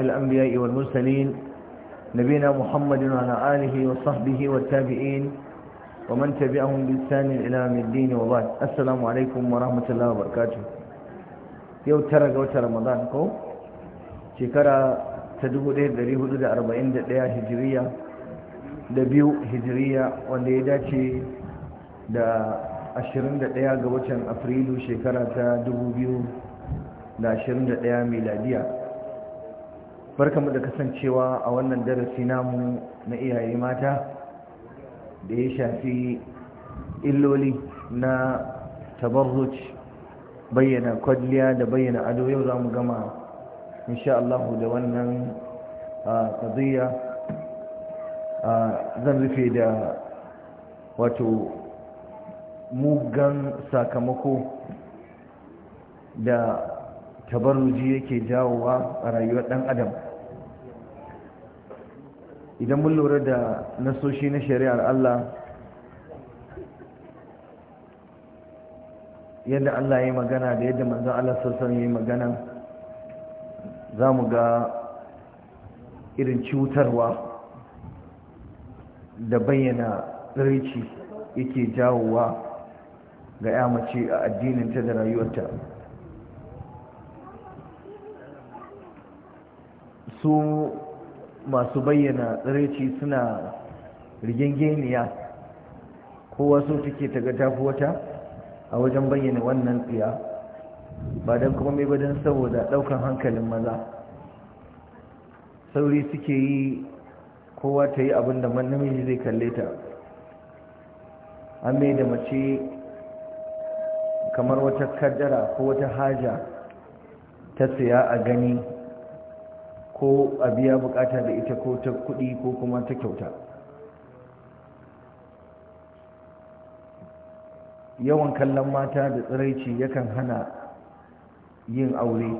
الأنبياء والمرسلين نبينا محمد وعلى آله وصحبه والتابعين ومن تبعهم بإنسان إلى يوم الدين وبعد السلام عليكم ورحمة الله وبركاته يو ترى جو رمضان كو شكرا تدوه ده دري حدود أربعين دقيقة هجرية دبيو هجرية وانده يداتي دا ashirin da ɗaya ga watan afrilu shekara ta dubu biyu da ashirin da ɗaya miladiya barkamu da kasancewa a wannan darasi namu na iyaye mata da ya shafi illoli na tabarruj bayyana kwalliya da bayyana ado yau za mu gama Insha'allahu, Allah da wannan qadiyya zan rufe da wato mugan sakamako da tabarruji yake jawowa a rayuwar ɗan adam idan mun lura da nasoshi na shari'ar Allah yadda Allah ya yi magana da yadda manzon Allah sassan ya yi magana za mu ga irin cutarwa da bayyana rici yake jawowa ga ya mace a addinin ta da rayuwarta su masu bayyana tsiraici suna rigingeniya kowa so suke taga tafi wata a wajen bayyana wannan tsiya ba don kuma mai badan saboda daukan hankalin maza sauri suke yi kowa ta yi abinda namiji zai kalle ta an mai da mace kamar wata kaddara ko wata haja ta tsaya a gani ko a biya bukata da ita ko ta kudi ko kuma ta kyauta yawan kallon mata da tsiraici yakan hana yin aure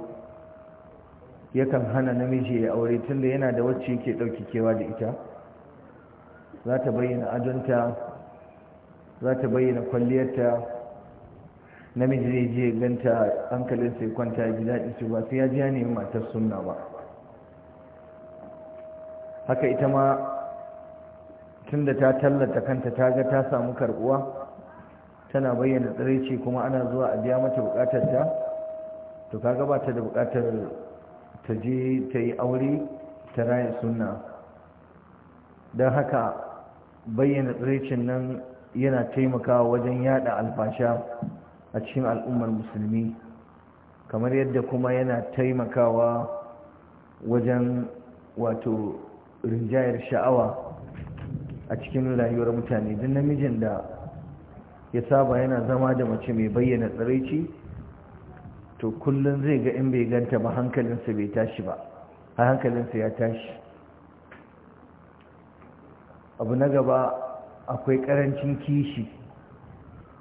yakan hana namiji ya aure tunda yana da wacce yake ɗauki kewa da ita za ta bayyana adonta za ta bayyana kwalliyarta namiji zai je ganta hankalinsa ya kwanta ya ji daɗi su ba sai ya ji ya nemi matar sunna ba haka ita ma tunda ta tallata kanta ta ga ta samu karbuwa tana bayyana tsiraici kuma ana zuwa a biya mata bukatar ta to ka ba da bukatar ta je ta yi aure ta raya suna don haka bayyana tsiraicin nan yana taimakawa wajen yada alfasha a cikin al'ummar musulmi kamar yadda kuma yana taimakawa wajen wato rinjayar sha'awa a cikin rayuwar mutane duk namijin da ya saba yana zama da mace mai bayyana tsiraici to kullum zai ga in bai ganta ba hankalinsa bai tashi ba har hankalinsa ya tashi abu na gaba akwai karancin kishi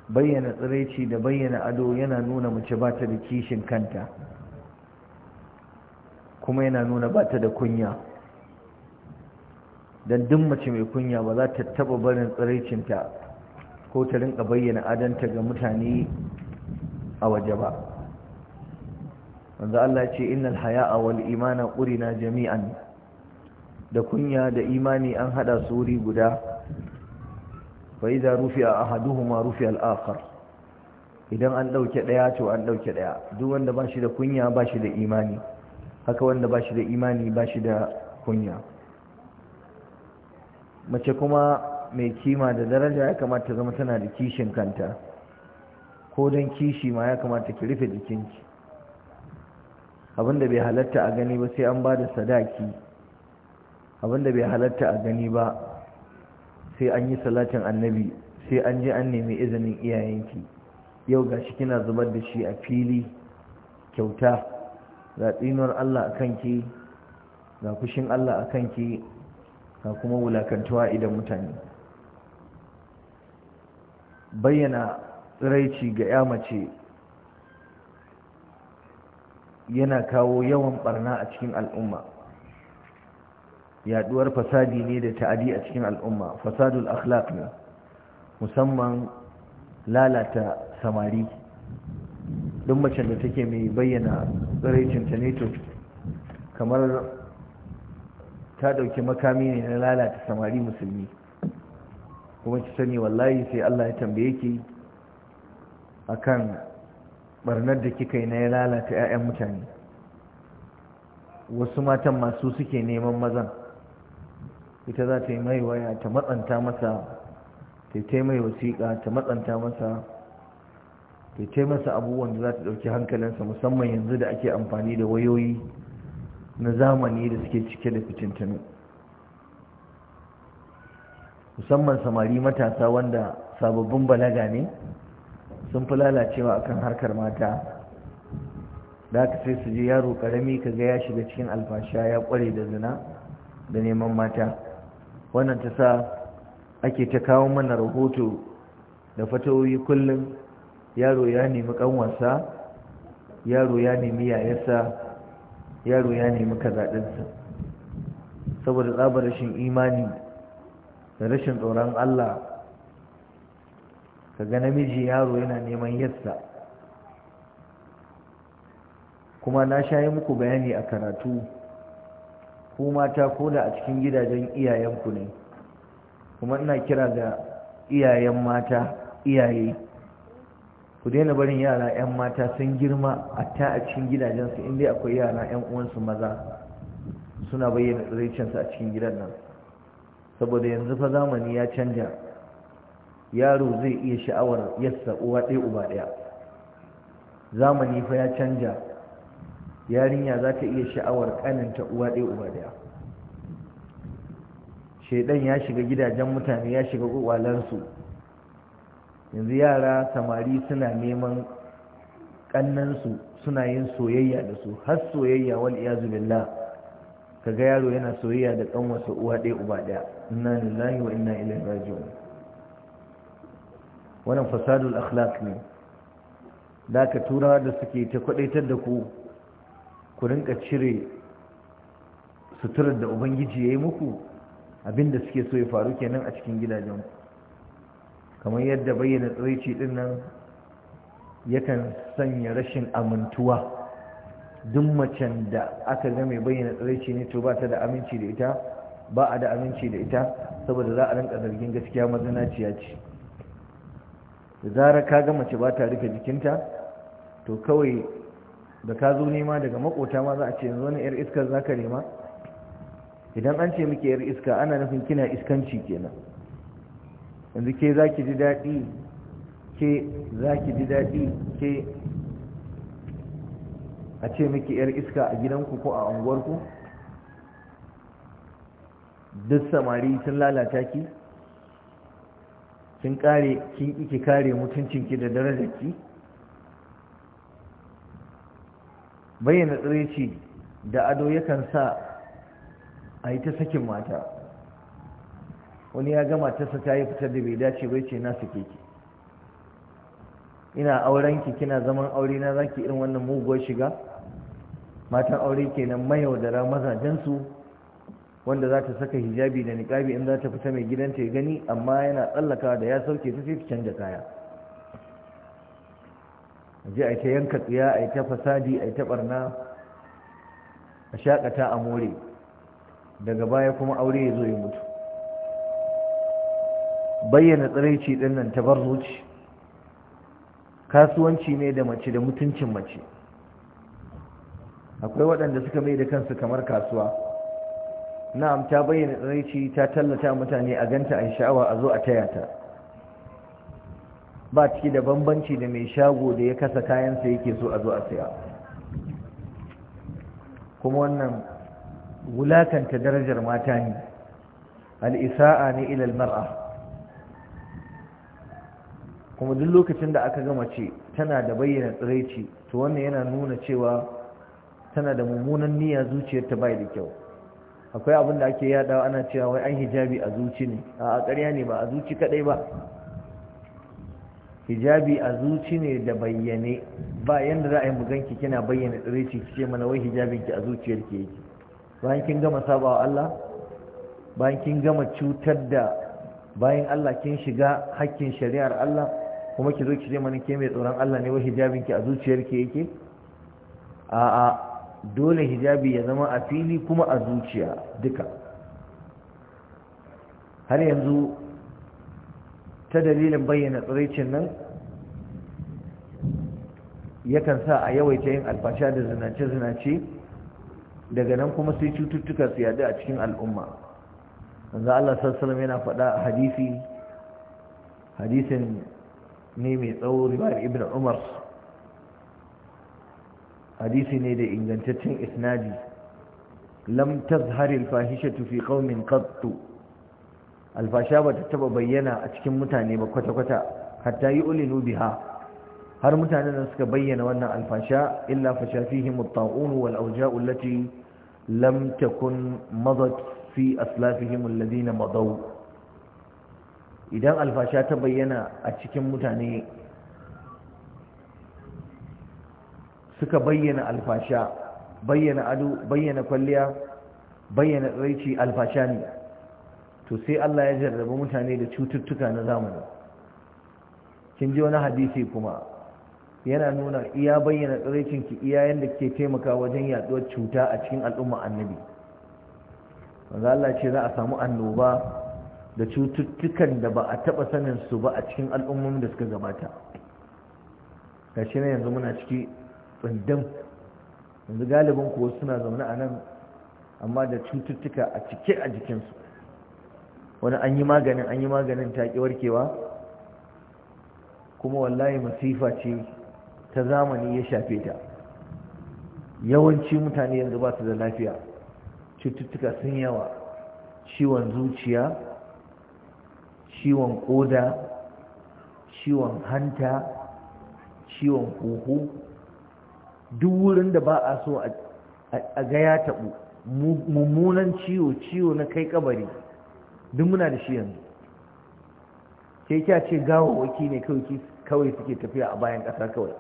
bayyana tsiraici da bayyana ado yana nuna mace ba ta da kishin kanta kuma yana nuna ba ta da kunya don duk mace mai kunya ba za ta taba barin tsiraicinta ko ta rinka bayyana adanta ga mutane a waje ba wanda Allah ce innal haya'a wal imana qurina jami'an da kunya da imani an hada su wuri guda fa idza rufi'a ahaduhuma rufi'a al-akhar idan an dauke ɗaya, to an dauke daya duk wanda bashi da kunya bashi da imani haka wanda bashi da imani bashi da kunya mace kuma mai kima da daraja ya kamata zama tana da kishin kanta ko don kishi ma ya kamata ki rufe jikinki abinda bai halatta a gani ba sai an ba da sadaki abinda bai halatta a gani ba sai an yi salatin annabi sai an je an nemi izinin iyayenki yau ga shi kina zubar da shi a fili kyauta ga tsinuwar Allah a kanki ga kushin Allah a kanki ga kuma wulakantuwa idan mutane bayyana tsiraici ga ya mace yana kawo yawan barna a cikin al'umma yaduwar fasadi ne da ta'adi a cikin al'umma fasadul akhlaq ne musamman lalata samari duk macen da take mai bayyana tsiraicinta ne to kamar ta dauki makami ne na lalata samari musulmi kuma ki sani wallahi sai Allah ya tambaye ki akan barnar da kika yi na ya lalata 'ya'yan mutane wasu matan masu suke neman mazan ita za ta yi mai waya ta matsanta masa ta yi mai wasiƙa ta matsanta masa ta yi masa abubuwan da za ta ɗauki hankalinsa musamman yanzu da ake amfani da wayoyi na zamani da suke cike da fitintunu musamman samari matasa wanda sababbin balaga ne sun fi lalacewa akan harkar mata da aka sai su je yaro karami ka ya shiga cikin alfasha ya kware da zina da neman mata wannan ta sa ake ta kawo mana rahoto da fatawoyi kullum yaro ya nemi kanwarsa yaro ya nemi yayarsa yaro ya nemi kazaɗinsa saboda tsabar rashin imani da rashin tsoron Allah Ka kaga namiji yaro yana neman yassa kuma na shayi muku bayani a karatu ku mata ko da a cikin gidajen iyayenku ne kuma ina kira ga iyayen mata iyaye ku daina barin yara 'yan mata sun girma a ta a cikin gidajensu inda akwai yara 'yan uwansu maza suna bayyana tsiraicinsu a cikin gidan nan saboda yanzu fa zamani ya canja yaro zai iya sha'awar yassa uwa ɗaya uba ɗaya zamani fa ya canja yarinya za ta iya sha'awar ƙaninta uwa ɗaya uba ɗaya shaidan ya shiga gidajen mutane ya shiga ƙwaƙwalarsu yanzu yara samari suna neman kannansu suna yin soyayya da su har soyayya wal iyazu billah kaga yaro yana soyayya da kanwarsa uwa ɗaya uba ɗaya inna lillahi wa inna ilaihi raji'un wannan fasadul akhlaq ne da ka tura da suke ta kwadaitar da ku ku rinka cire suturar da ubangiji ya yi muku abinda suke so ya faru kenan a cikin gidajenku kamar yadda bayyana tsiraici din nan yakan sanya rashin amintuwa duk macen da aka ga mai bayyana tsiraici ne to ba ta da aminci da ita ba a da aminci da ita saboda za a rinka zargin gaskiya mazinaciya ce da zarar ka ga mace ba ta rufe jikinta to kawai da ka zo nema daga makota ma za a ce yanzu wani yar iskar za ka nema idan an ce muke yar iska ana nufin kina iskanci kenan yanzu ke za ki ji daɗi ke za ki ji daɗi ke a ce miki 'yar iska a gidanku ko a unguwarku duk samari sun lalata ki kin kare kin ki kare mutuncinki da darajar ki? bayyana tsiraici da ado yakan sa a yi ta sakin mata wani ya gama tasa ta yi fitar da bai dace bai ce na suke ki ina auren ki kina zaman aure na zaki irin wannan muguwar shiga matan aure kenan mayaudara mazajen su wanda za ta saka hijabi da niƙabi in za ta fita mai gidanta ya gani amma yana tsallakawa da ya sauke ta sai ta canja kaya je a ta yanka tsiya a ta fasadi a ta barna a shakata a more daga baya kuma aure ya zo ya mutu bayyana tsiraici din nan ta kasuwanci ne da mace da mutuncin mace akwai waɗanda suka mai da kansu kamar kasuwa na'am ta bayyana tsiraici ta tallata mutane a ganta a sha'awa a zo a taya ta ba ciki da bambanci da mai shago da ya kasa kayansa yake so a zo a saya kuma wannan wulakanta darajar mata ne al'isa'a ne ilal mar'a kuma duk lokacin da aka gama ce tana da bayyana tsiraici to wannan yana nuna cewa tana da mummunan niyya zuciyar ta bai da kyau akwai abin da ake yadawa ana cewa wai an hijabi a zuci ne a ƙarya ne ba a zuci kaɗai ba hijabi a zuci ne da bayyane ba yanda za a yi muganki kina bayyana tsiraici ki ce mana wai ki a zuciyar zuciyarki yake bayan kin gama sabawa Allah bayan kin gama cutar da bayan Allah kin shiga hakkin shari'ar Allah kuma ki zo ki ce mana ke mai tsoron Allah ne wa hijabin ki a zuciyarki yake a'a dole hijabi ya zama a fili kuma a zuciya duka har yanzu ta dalilin bayyana tsiraicin nan yakan sa a yawaita yin alfasha da zinace-zinace daga nan kuma sai cututtuka su yadu a cikin al'umma Yanzu Allah sassalam yana faɗa a hadisi hadisin ne mai tsawo riwayar ibn umar hadisi ne da ingantaccen isnadi lam tazhar al-fahishatu fi qaumin qatt al ba ta taba bayyana a cikin mutane ba kwata-kwata hatta ulinu biha har mutanen da suka bayyana wannan alfasha illa fasha fihim at wal awja'u allati lam takun madat fi aslafihim alladhina madaw idan alfasha ta bayyana a cikin mutane suka bayyana alfasha bayyana ado bayyana kwalliya bayyana tsaraici alfasha ne to sai Allah ya jarraba mutane da cututtuka na zamani kin ji wani hadisi kuma yana nuna iya bayyana tsaraicin ki iya yanda ke taimaka wajen yaduwar cuta a cikin al'umma annabi manzo Allah ce za a samu annoba da cututtukan da ba a taɓa sanin su ba a cikin al'ummomi da suka gabata ga shi yanzu muna ciki tsindin yanzu galibin ko suna zaune a nan amma da cututtuka a cike a jikinsu wani an yi maganin an yi maganin ta ki warkewa kuma wallahi masifa ce ta zamani ya shafe ta yawanci mutane yanzu ba su da lafiya cututtuka sun yawa ciwon zuciya ciwon koda ciwon hanta ciwon huhu duk wurin da ba a so a ga ya taɓu mummunan ciwo ciwo na kai kabari duk muna da shi yanzu ke kya ce waki ne kawai suke tafiya a bayan ƙasa kawai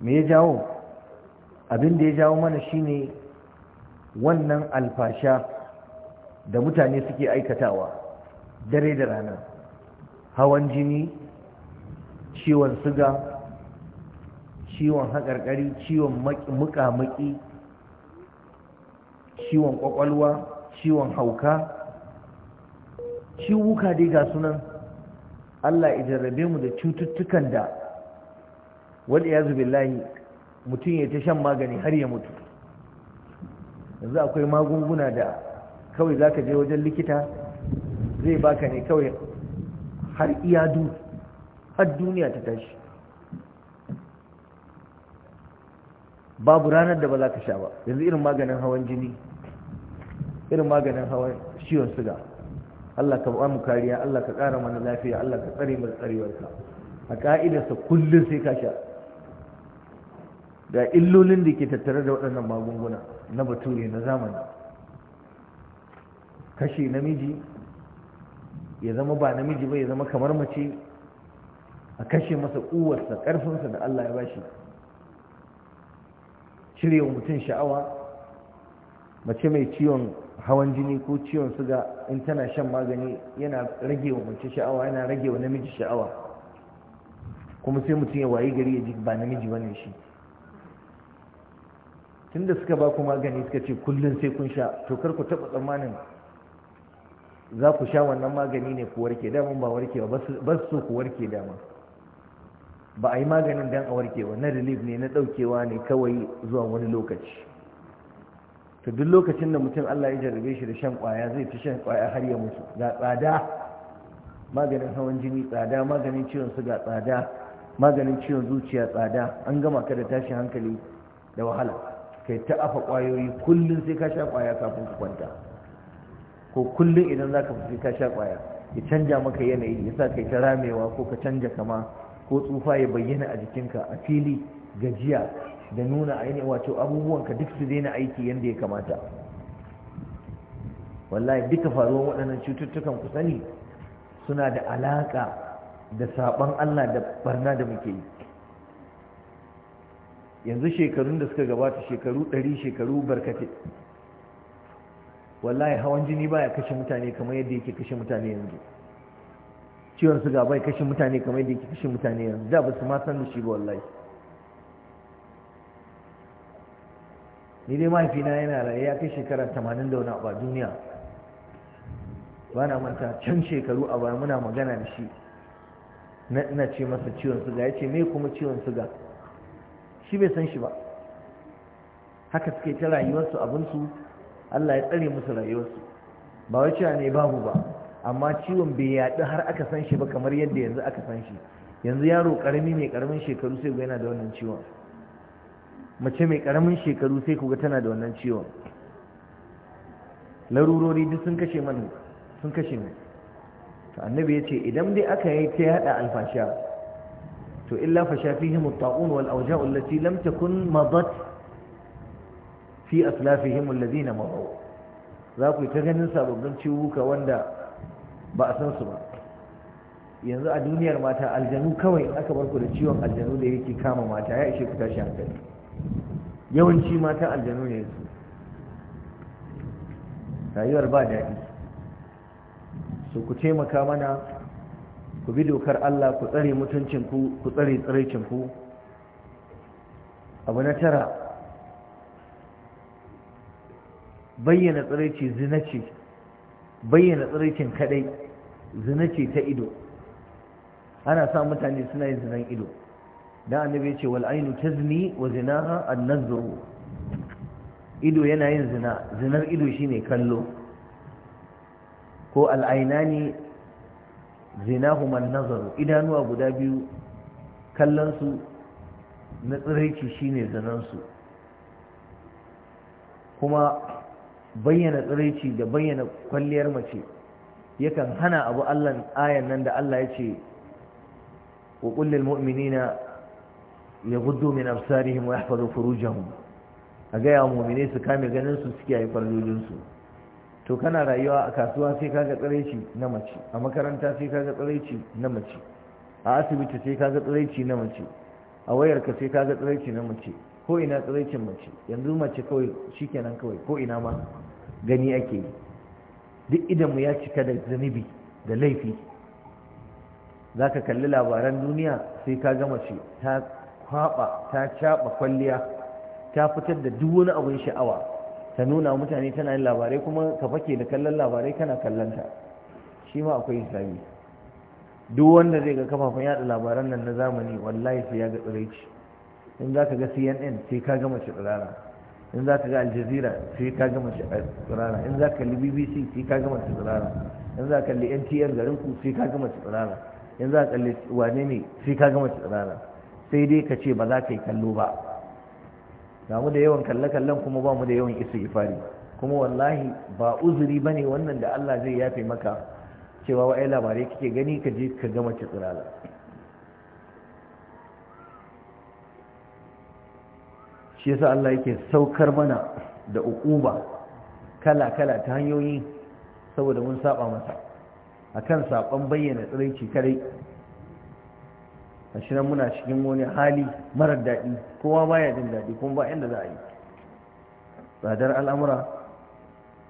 me ya jawo abin da ya jawo mana shine wannan alfasha da mutane suke aikatawa dare da rana hawan jini ciwon suga ciwon haƙarƙari ciwon muƙamuƙi ciwon ƙwaƙwalwa ciwon hauka ciwuka dai ga sunan Allah ya jarrabe mu da cututtukan da ya zubi layi, mutum ya ta shan magani har ya mutu yanzu akwai magunguna da kawai za ka je wajen likita zai baka ne kawai har iyadu har duniya ta tashi babu ranar da ba za ka sha ba yanzu irin maganin hawan jini irin maganin hawan ciwon suga Allah ka ba mu kariya Allah ka ƙara mana lafiya Allah ka tsare mu tsarewarka a ka'idarsa kullum sai ka sha ga illolin da ke tattare da waɗannan magunguna na bature na zamani kashe namiji ya zama ba namiji ba ya zama kamar mace a kashe masa uwarsa karfinsa da Allah ya bashi cire wa mutum sha'awa mace mai ciwon hawan jini ko ciwon suga in tana shan magani yana rage wa mace sha'awa yana rage wa namiji sha'awa kuma sai mutum ya wayi gari ya ji ba namiji ba ne shi tunda suka ba ku magani suka ce kullum sai kun sha to kar ku taɓa tsammanin za ku sha wannan magani ne ku warke daman ba warke ba su ku warke dama ba a yi maganin don a warke ba na relief ne na ɗaukewa ne kawai zuwa wani lokaci to duk lokacin da mutum Allah ya jarrabe shi da shan kwaya zai fi shan kwaya har ya mutu ga tsada maganin hawan jini tsada maganin ciwon suga tsada maganin ciwon zuciya tsada an gama ka da tashin hankali da wahala kai ta afa kwayoyi kullum sai ka sha kwaya kafin ka kwanta ko kullum idan za ka fi ka sha ƙwaya ya canja maka yanayi ya sa kai ta ramewa ko ka canja kama ko tsufa ya bayyana a jikinka a fili gajiya da nuna ainihin wato abubuwanka duk su daina aiki yadda ya kamata wallahi duka faruwar waɗannan cututtukan ku sani suna da alaƙa da saɓon Allah da barna da muke yi yanzu shekarun da suka gabata shekaru ɗari shekaru barkatai wallahi hawan jini baya kashe mutane kamar yadda yake kashe mutane yanzu ciwon suga bai kashe mutane kamar yadda yake kashe mutane yanzu da ba su ma san da shi ba wallahi ni dai mahaifina yana raye ya kai shekara tamanin da wani a duniya ba na manta can shekaru a baya muna magana da shi na ce masa ciwon suga ya ce me kuma ciwon suga shi bai san shi ba haka suke ta rayuwarsu abinsu Allah ya tsare musu rayuwarsu ba wai cewa ne babu ba amma ciwon bai yaɗu har aka san shi ba kamar yadda yanzu aka san shi yanzu yaro karami mai karamin shekaru sai ga yana da wannan ciwon mace mai karamin shekaru sai kuga tana da wannan ciwon larurori duk sun kashe mana sun kashe mu to annabi yace idan dai aka yi ta yada alfasha to illa fasha fihi mutta'un wal awja'u allati lam takun madat fi aslafihim alladhina mabaw za ku ta ganin sababbin ciwuka wanda ba a san su ba yanzu a duniyar mata aljanu kawai aka bar ku da ciwon aljanu da yake kama mata ya ishe ku tashi hankali yawanci mata aljanu ne su rayuwar ba daɗi su ku taimaka mana ku bi dokar Allah ku tsare mutuncinku ku tsare tsiraicinku abu na tara bayyana tsiraici zina ce bayyana tsiraicin kadai zina ce ta ido ana sa mutane suna yin zinan ido da annabi ya ce wal ainu tazni wa zinaha an-nazru ido yana yin zina zinar ido shine kallo ko al-ainani zinahuma an-nazaru idanuwa guda biyu kallon su na tsiraici shine zinansu kuma bayyana tsiraici da bayyana kwalliyar mace yakan hana abu Allah ayan nan da Allah ya ce wa kullil mu'minina yaghuddu min absarihim wa yahfazu furujahum a gaya ya mu'mine su kame ganin su suke yi farjojin su to kana rayuwa a kasuwa sai kaga tsiraici na mace a makaranta sai kaga tsiraici na mace a asibiti sai kaga tsiraici na mace a wayarka sai kaga tsiraici na mace ko ina tsiraicin mace yanzu mace kawai shi shikenan kawai ko ina ma gani ake yi duk idanmu ya cika da zunubi da laifi za ka kalli labaran duniya sai ka gama ce ta kwaba ta caba kwalliya ta fitar da duk wani abin sha'awa ta nuna mutane tana yin labarai kuma ka fake da kallon labarai kana kallonta shi ma akwai islami duk wanda zai ga kafafen yada labaran nan na zamani wallahi sai ya ga tsiraici in za ka ga cnn sai ka gama shi tsirara in za ka ga aljazeera sai ka gama shi tsirara in za ka kalli bbc sai ka gama shi tsirara in za ka kalli ntn garin ku sai ka gama shi tsirara in za ka kalli wane ne sai ka gama shi tsirara sai dai ka ce ba za ka yi kallo ba ga mu da yawan kalle kallon kuma ba mu da yawan isa ifari kuma wallahi ba uzuri ba ne wannan da allah zai yafe maka cewa wa'ai labarai kake gani ka je ka gama shi tsirara shi yasa Allah yake saukar mana da uquba kala kala ta hanyoyi saboda mun saba masa akan sakon bayyana tsiraici kare nan muna cikin wani hali marar daɗi kowa baya jin daɗi kuma ba inda za a yi tsadar al'amura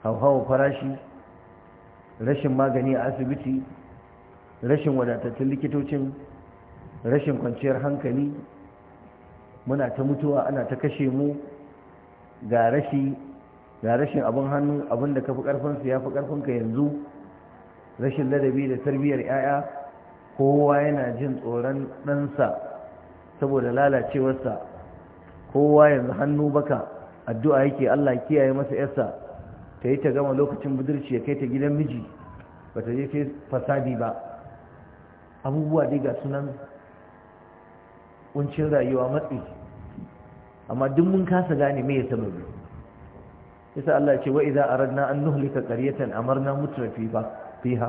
hauhawa farashi rashin magani a asibiti rashin wadatattun likitocin rashin kwanciyar hankali muna ta mutuwa ana ta kashe mu ga rashin abin hannu abin da ka fi ƙarfinsu ya fi ƙarfinka yanzu rashin ladabi da tarbiyyar 'ya'ya kowa yana jin tsoron ɗansa saboda lalacewarsa kowa yanzu hannu baka addu'a yake Allah kiyaye masa yarsa ta yi ta gama lokacin budurci ya kai ta gidan miji ba ta je fasadi ba abubuwa dai ga sunan kuncin rayuwa matsi amma duk mun kasa gane me ya sababi yasa Allah ce wa idza aradna an nuhlika qaryatan amarna mutrafiha fiha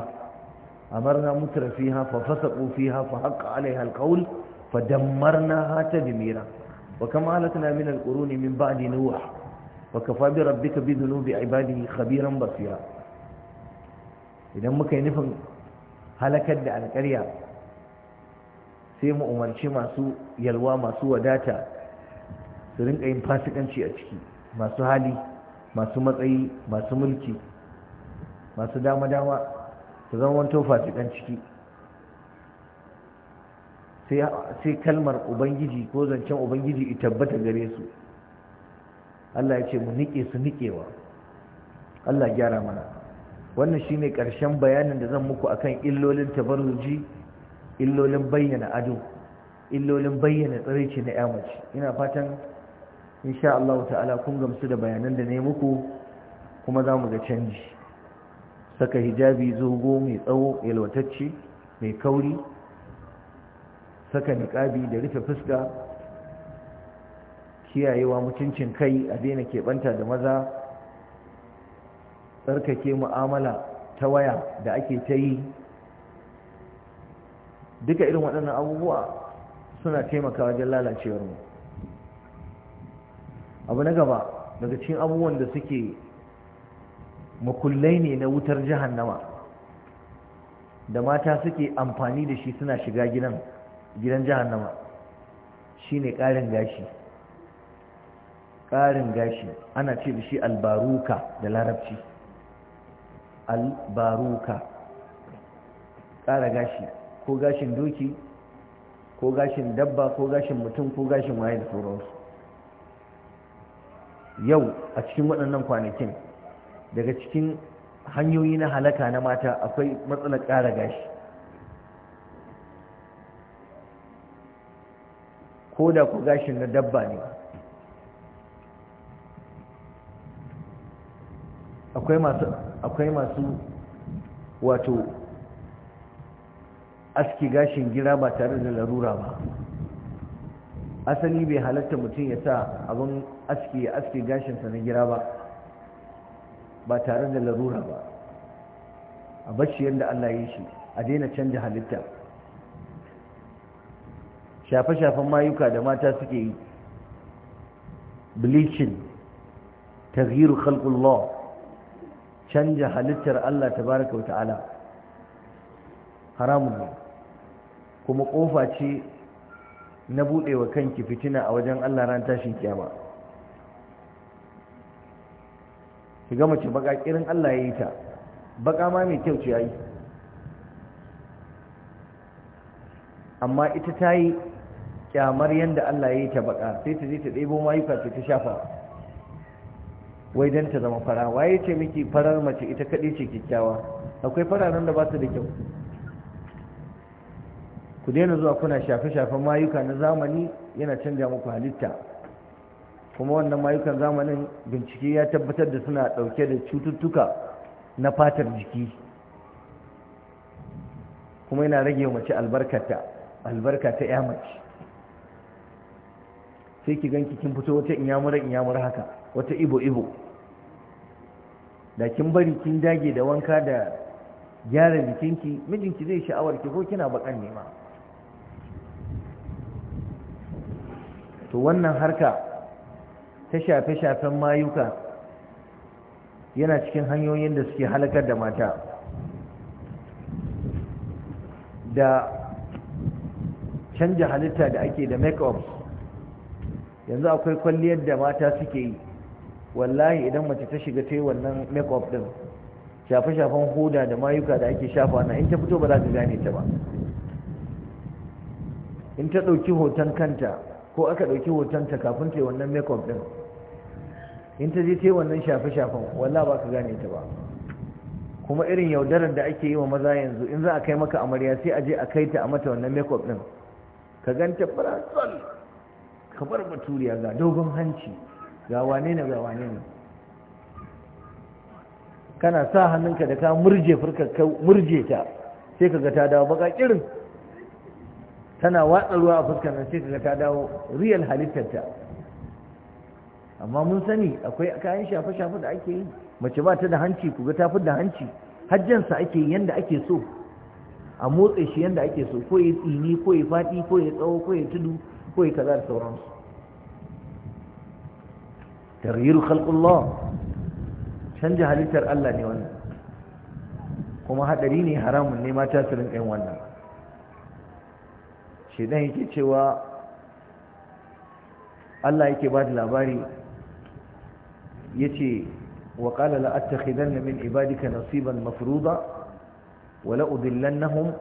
amarna ha, fa fasaqu fiha fa haqqa 'alayha al-qawl fa dammarnaha tadmira wa kama halakna min al min ba'di nuh wa kafa bi rabbika bi dhunubi 'ibadihi khabiran basira idan muka yi nufin halakar da alƙarya sai mu umarci masu yalwa masu wadata su rinka yin fasikanci a ciki masu hali masu matsayi masu mulki masu dama-dama su zama wanto fasikan ciki sai kalmar ubangiji ko zancen ubangiji ita tabbata gare su Allah ya ce mu nike su nikewa Allah gyara mana wannan shine ƙarshen bayanin da zan muku akan illolin tabarruji illolin bayyana ado illolin bayyana tsiraici na yamaci ina fatan insha Allah ta'ala kun gamsu da bayanan da ne muku kuma za mu ga canji saka hijabi zogo mai tsawo yalwatacce mai kauri saka niƙabi da rufe fuska kiyayewa mutuncin kai a daina keɓanta da maza tsarkake mu'amala ta waya da ake ta yi duka irin waɗannan abubuwa suna taimaka wajen lalacewar mu abu na gaba daga cikin abubuwan da suke makullai ne na wutar jahannama da mata suke amfani da shi suna shiga gidan gidan jahannama shine ƙarin gashi ƙarin gashi ana ce da shi albaruka da larabci albaruka ƙara gashi ko gashin doki ko gashin dabba ko gashin mutum ko gashin waye da sauransu yau a cikin waɗannan kwanakin daga cikin hanyoyi na halaka na mata akwai matsalar ƙara gashi ko da ku gashin na dabba ne akwai masu wato aski gashin gira ba tare da larura ba asali bai halatta mutum ya sa abin aski ya aski gashinsa na gira ba ba tare da larura ba a bacci yadda Allah ya shi a daina canja halitta shafe-shafen mayuka da mata suke yi bleaching taghiru khalqullah canja halittar Allah ta baraka wa ta'ala haramun ne kuma ƙofa ce na buɗewa kanki fitina a wajen Allah ran tashin kiyama ki ga mace baka kirin Allah ya yi ta baka ma mai kyau ce yayi amma ita ta yi kyamar yadda Allah ya yi ta baka sai ta je ta ɗebo mayuka ta ta shafa wai don ta zama fara waye ce miki farar mace ita kaɗai ce kyakkyawa akwai fararen da ba su da kyau ku daina zuwa kuna shafe-shafen mayuka na zamani yana canja muku halitta kuma wannan mayukan zamanin bincike ya tabbatar da suna ɗauke da cututtuka na fatar jiki kuma yana rage mace albarkata albarka ta ya mace sai ki ganki kin fito wata inyamura inyamura haka wata ibo ibo da kin bari kin dage da wanka da gyara jikinki mijinki zai sha'awar ki ko kina bakan nema to wannan harka ta shafe-shafen mayuka yana cikin hanyoyin da suke halakar da mata da canja halitta da ake da make-up yanzu akwai kwalliyar da mata suke yi wallahi idan mace ta shiga ta yi wannan make-up din shafe-shafen hoda da mayuka da ake shafa na in ta fito ba za ka gane ta ba in ta ɗauki hoton kanta ko aka ɗauki hotonta kafin ta yi wannan makeup ɗin in ta je ta yi wannan shafe-shafen wallah ba ka gane ta ba kuma irin yaudarar da ake yi wa maza yanzu in za a kai maka amarya sai a je a kai ta a mata wannan makeup ɗin ka ganta faransal ka bar baturiya ga dogon hanci ga wane ne ga wane ne kana sa hannunka da ka murje furka ka murje ta sai ka ga ta dawo baka kirin tana watsa ruwa a fuskar nan sai ta dawo real halittarta amma mun sani akwai kayan shafe-shafe da ake yi mace ba ta da hanci ku ga ta da hanci hajjansa ake yi yanda ake so a motsa shi yanda ake so ko ya tsini ko ya faɗi ko ya tsawo ko ya tudu ko ya kaza da sauransu tarihir khalqullah canja halittar Allah ne wannan kuma haɗari ne haramun ne mata su rinƙa yin wannan shi dan yake cewa Allah yake ba da labari yace wa qala la attakhidanna min ibadika nasiban mafruḍa wa la udillannahum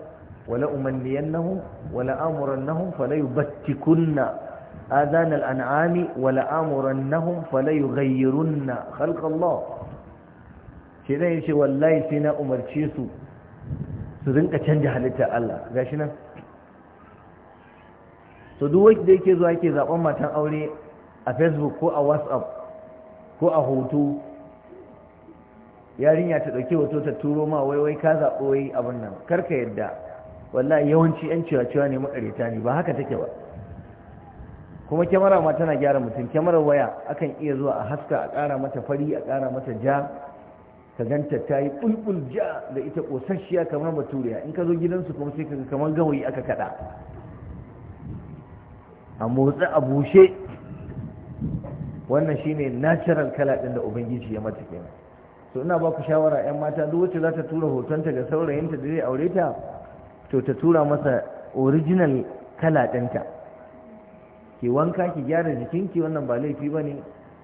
wa la umanniyannahum wa la amurannahum fala yubattikunna adana al-an'ami wa la amurannahum fala yughayyirunna khalqa Allah shi dan yace wallahi sai na umarce su su rinka canja halitta Allah gashi nan to duk wanda yake zuwa yake zaben matan aure a facebook ko a whatsapp ko a hoto yarinya ta dauke hoto ta turo ma wai wai ka zaɓo wai abin nan karka yadda wallahi yawanci yan cewa cewa ne makareta ne ba haka take ba kuma kyamara ma tana gyara mutum kyamarar waya akan iya zuwa a haska a ƙara mata fari a ƙara mata ja ka ganta ta yi ɓulɓul ja da ita ƙosashiya kamar baturiya in ka zo gidansu kuma sai ka kamar gawayi aka kaɗa a motsi a bushe wannan shine natural kala ɗin da ubangiji ya mata kenan so ina ba ku shawara 'yan mata duk wacce za ta tura hotonta ga saurayinta da zai aure ta to ta tura masa original kala ɗinta ki wanka ki gyara jikinki wannan ba laifi ba ne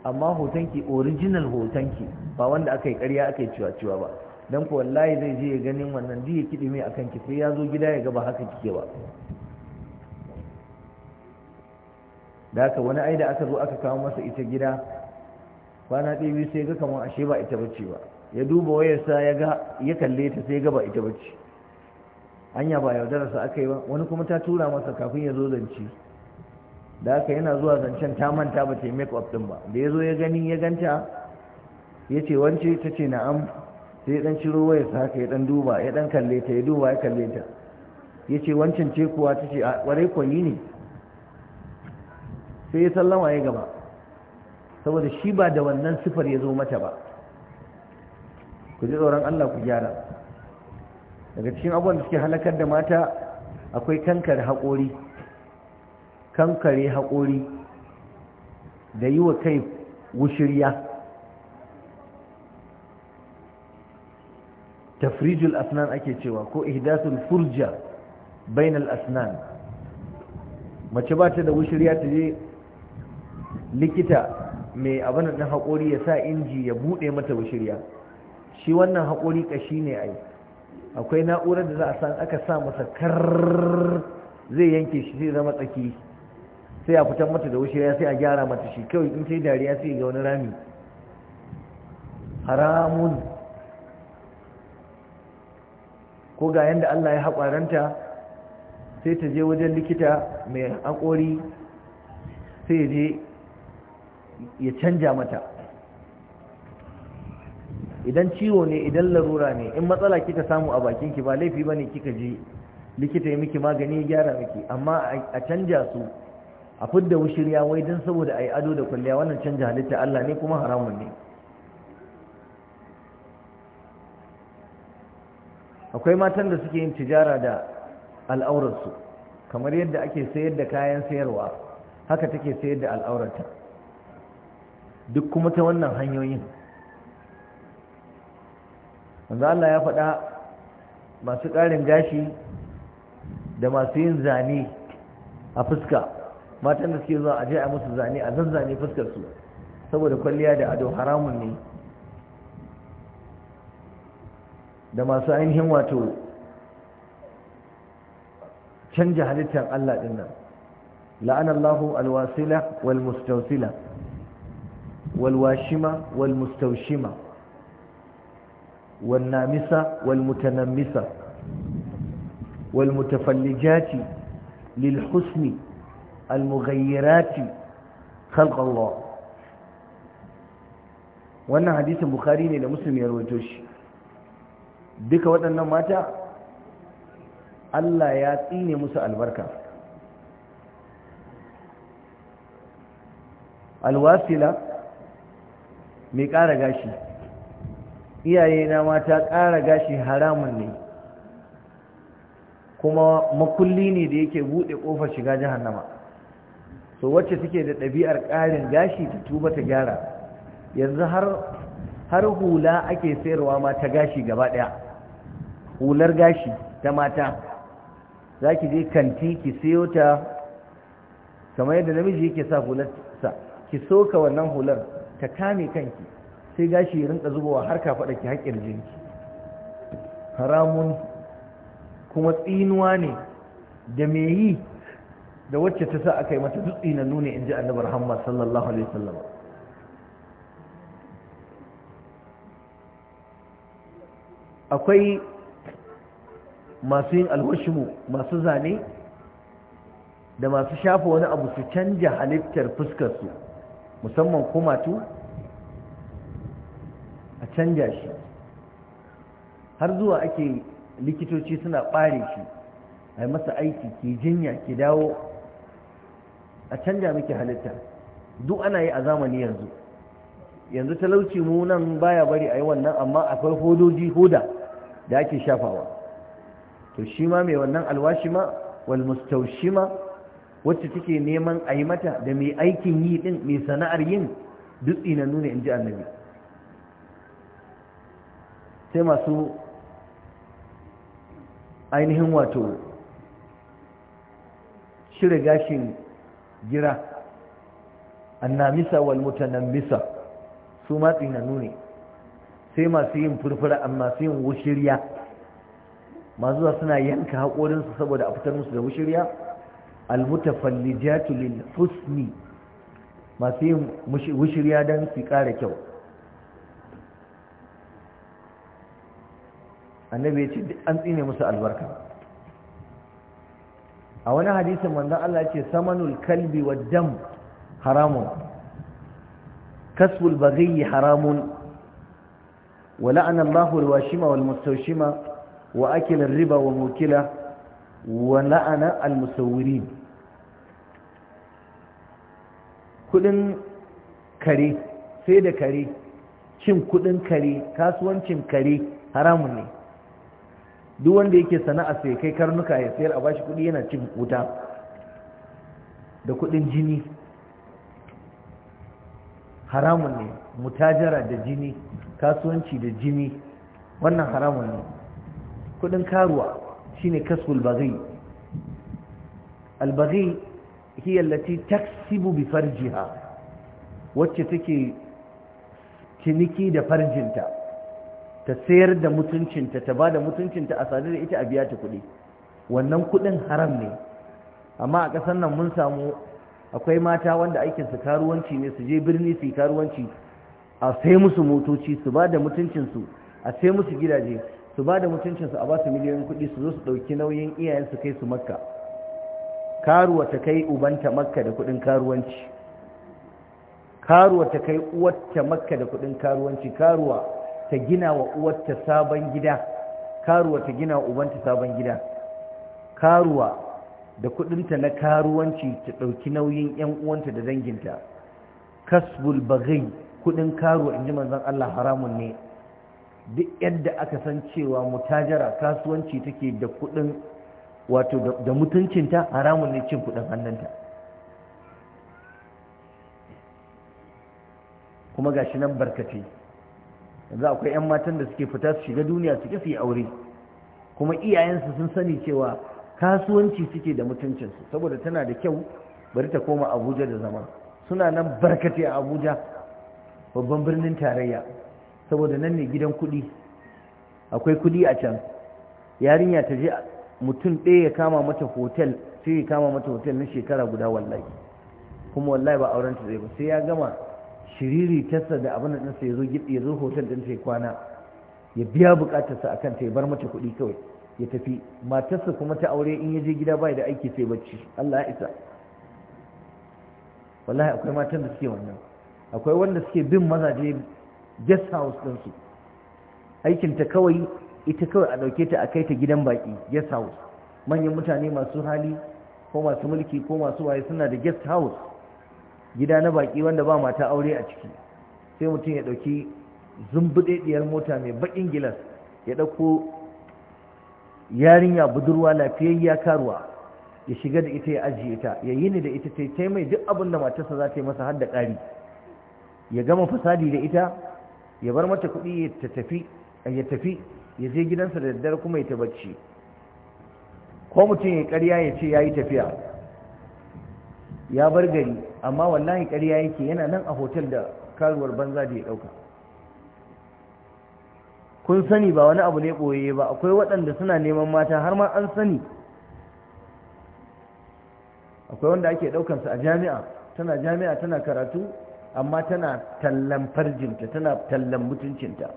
amma hotonki original hotonki ba wanda aka yi ƙarya aka yi ciwa-ciwa ba don ku wallahi zai je ya ganin wannan duk ya kiɗi mai akan ki sai ya zo gida ya ga ba haka kike ba da aka wani ai da aka zo aka kawo masa ita gida kwana ɗaya sai ga kamar ashe ba ita bacci ba ya duba wayarsa ya ga ya kalle ta sai ga ba ita bacci anya ba sa aka yi ba wani kuma ta tura masa kafin ya zo zance da aka yana zuwa zancen ta manta ba ta yi make up din ba da ya zo ya gani ya ganta ya ce wance ta ce na'am sai ya dan ciro wayarsa haka ya dan duba ya dan kalle ta ya duba ya kalle ta ya ce wancan ce kuwa ta ce a ƙwarai kwanyi ne sai ya sallama ya gaba saboda shi ba da wannan sifar ya zo mata ba ku ji tsoron Allah ku gyara daga cikin abubuwan da suke halakar da mata akwai kankare haƙori kankare haƙori da yi wa kai wushirya tafrijul asnan ake cewa ko ihdasul furja bainal asnan mace ba ta da wushirya ta je likita mai abin ɗin haƙori ya sa inji ya buɗe mata wushirya shi wannan haƙori ƙashi ne ai akwai na'urar da za a san aka sa masa kar zai yanke shi zai zama tsaki sai a fitar mata da wushirya sai a gyara mata shi kawai in sai dariya sai ga wani rami haramun ko ga yanda Allah ya haƙwaranta sai ta je wajen likita mai haƙori sai je ya canja mata idan ciwo ne idan larura ne in matsala kika samu a bakinki ba laifi bane kika je likita ya miki magani ya gyara miki amma a canja su a fidda wushirya wai dan saboda a yi ado da kwalliya wannan canja halitta Allah ne kuma haramun ne akwai matan da suke yin tijara da al'aurarsu kamar yadda ake sayar da kayan sayarwa haka take sayar da al'aurarta duk kuma ta wannan hanyoyin manzo Allah ya faɗa masu ƙarin gashi da masu yin zane a fuska matan da suke zuwa a je a musu zane a zazzane fuskar su saboda kwalliya da ado haramun ne da masu ainihin wato canja halittar Allah dinnan la'anallahu alwasila wal والواشمة والمستوشمة والنامسة والمتنمسة والمتفلجات للحسن المغيرات خلق الله wannan hadisin bukhari ne da muslim ya rawaito shi duka waɗannan mata Allah ya tsine musu albarka alwasila mai ƙara gashi iyaye na mata ƙara gashi haramun ne kuma makulli ne da yake buɗe ƙofar shiga nama, so wacce suke da ɗabi'ar ƙarin gashi ta tuba ta gyara yanzu har hula ake sayarwa ma ta gashi gaba ɗaya hular gashi ta mata za ki je kanti ki sayo ta kamar yadda namiji yake sa hularsa ki soka wannan hular ka kame kanki sai gashi ya rinka zubowa har ka faɗa ki haƙƙin jinki haramun kuma tsinuwa ne da me yi da wacce ta sa aka yi mata dutse na nune in ji annabi Muhammad sallallahu alaihi wasallam akwai masu yin alwashimu masu zane da masu shafa wani abu su canja halittar fuskarsu musamman kumatu a canja shi har zuwa ake likitoci suna ɓare shi a masa aiki ke jinya ke dawo a canja miki halitta duk ana yi a zamani yanzu yanzu talauci mu nan baya bari a yi wannan amma akwai hodoji hoda da ake shafawa to shi ma mai wannan alwashi ma wal mustaushi ma wacce take neman a yi mata da mai aikin yi din mai sana'ar yin duk tsinannu nuna in ji annabi sai masu ainihin wato shirya gashin gira annamisa wal mutanammisa su ma na nune. sai masu yin furfura amma su yin wushirya masu suna yanka haƙorinsu saboda a fitar musu da wushirya المتفلجات للحسن ما فيهم مش وش رياضة في كارك يوم النبي يشد أنت إني مساء البركة أولا حديث من ذا الله يقول ثمن الكلب والدم حرام كسب البغي حرام ولعن الله الواشمة والمستوشمة وأكل الربا وموكله wa la'ana al-musawwirin kudin kare sai da kare cin kudin kare kasuwancin kare haramun ne duk wanda yake sana'a sai kai karnuka ya sayar a bashi kudi yana cin wuta da kudin jini haramun ne mutajara da jini kasuwanci da jini wannan haramun ne kudin karuwa shine kasbul baghi al baghi hiya allati taksibu bi farjiha wacce take ciniki da farjinta ta sayar da mutuncinta ta ba da mutuncinta a sadar da ita a biya ta kuɗi wannan kuɗin haram ne amma a ƙasar nan mun samu akwai mata wanda aikinsu karuwanci ne su je birni su yi karuwanci a sai musu motoci su ba da mutuncinsu a sai musu gidaje su ba da mutuncinsu a ba su miliyoyin kuɗi su zo su ɗauki nauyin iyayensu kai su makka karuwa ta kai ubanta makka da kuɗin karuwanci karuwa ta kai uwarta makka da kuɗin karuwanci karuwa ta gina wa uwarta sabon gida karuwa ta gina wa ubanta sabon gida karuwa da kuɗinta na karuwanci ta ɗauki nauyin 'yan uwanta da danginta kasbul bagai kuɗin karuwa in ji manzon Allah haramun ne duk yadda aka san cewa mutajara kasuwanci take da kudin wato da mutuncinta haramun ne cin kudin hannunta kuma ga shi nan barkace yanzu akwai 'yan matan da suke fita su shiga duniya su su yi aure kuma iyayensu sun sani cewa kasuwanci suke da mutuncinsu saboda tana da kyau bari ta koma abuja da zama suna nan barkace a abuja babban birnin tarayya saboda nan ne gidan kuɗi akwai kuɗi a can yarinya ta je mutum ɗaya ya kama mata hotel sai ya kama mata hotel na shekara guda wallahi kuma wallahi ba auren ta zai ba sai ya gama shiriri tasa da abin da sai ya zo gidi ya zo hotel din sai kwana ya biya bukatarsa akan ta ya bar mata kuɗi kawai ya tafi matarsa kuma ta aure in ya je gida bai da aiki sai bacci Allah ya isa wallahi akwai matan da suke wannan akwai wanda suke bin mazaje guest house ɗinsu aikinta kawai ita kawai a ɗauke ta a kai ta gidan baƙi guest house manyan mutane masu hali ko masu mulki ko masu waye suna da guest house gida na baƙi wanda ba mata aure a ciki sai mutum ya ɗauki zumbuɗeɗiyar mota mai baƙin gilas ya ɗauko yarinya budurwa lafiyayya karuwa ya shiga da ita ya ajiye ta ya yi ni da ita ta yi mai duk abin da matarsa za ta yi masa har da ƙari ya gama fasadi da ita ya bar mata kuɗi ya tafi ya je gidansa da daddare kuma ya ta bacci ko mutum ya karya ya ce ya yi tafiya ya bar gari amma wallahi karya yake yana nan a hotel da karuwar banza da ya ɗauka kun sani ba wani abu ne ɓoye ba akwai waɗanda suna neman mata har ma an sani akwai wanda ake ɗaukansa a jami'a tana jami'a tana karatu amma tana tallan farjinta tana tallan mutuncinta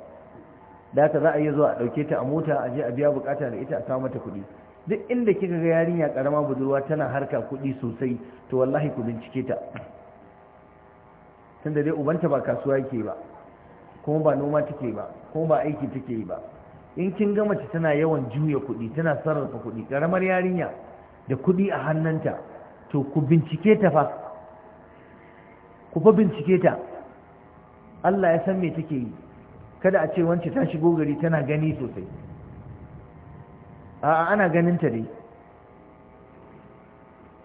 da ta za a iya zuwa a ɗauke ta a mota a je a biya bukata da ita a samu mata kuɗi duk inda kika ga yarinya karama budurwa tana harka kuɗi sosai to wallahi ku bincike ta tunda dai ubanta ba kasuwa yake ba kuma ba noma take ba kuma ba aiki take yi ba in kin ga mace tana yawan juya kuɗi tana sarrafa kuɗi karamar yarinya da kuɗi a hannunta to ku bincike ta fa ku fa bincike ta Allah ya san me take yi kada a ce wance ta shigo gari tana gani sosai a'a ana ganin ta dai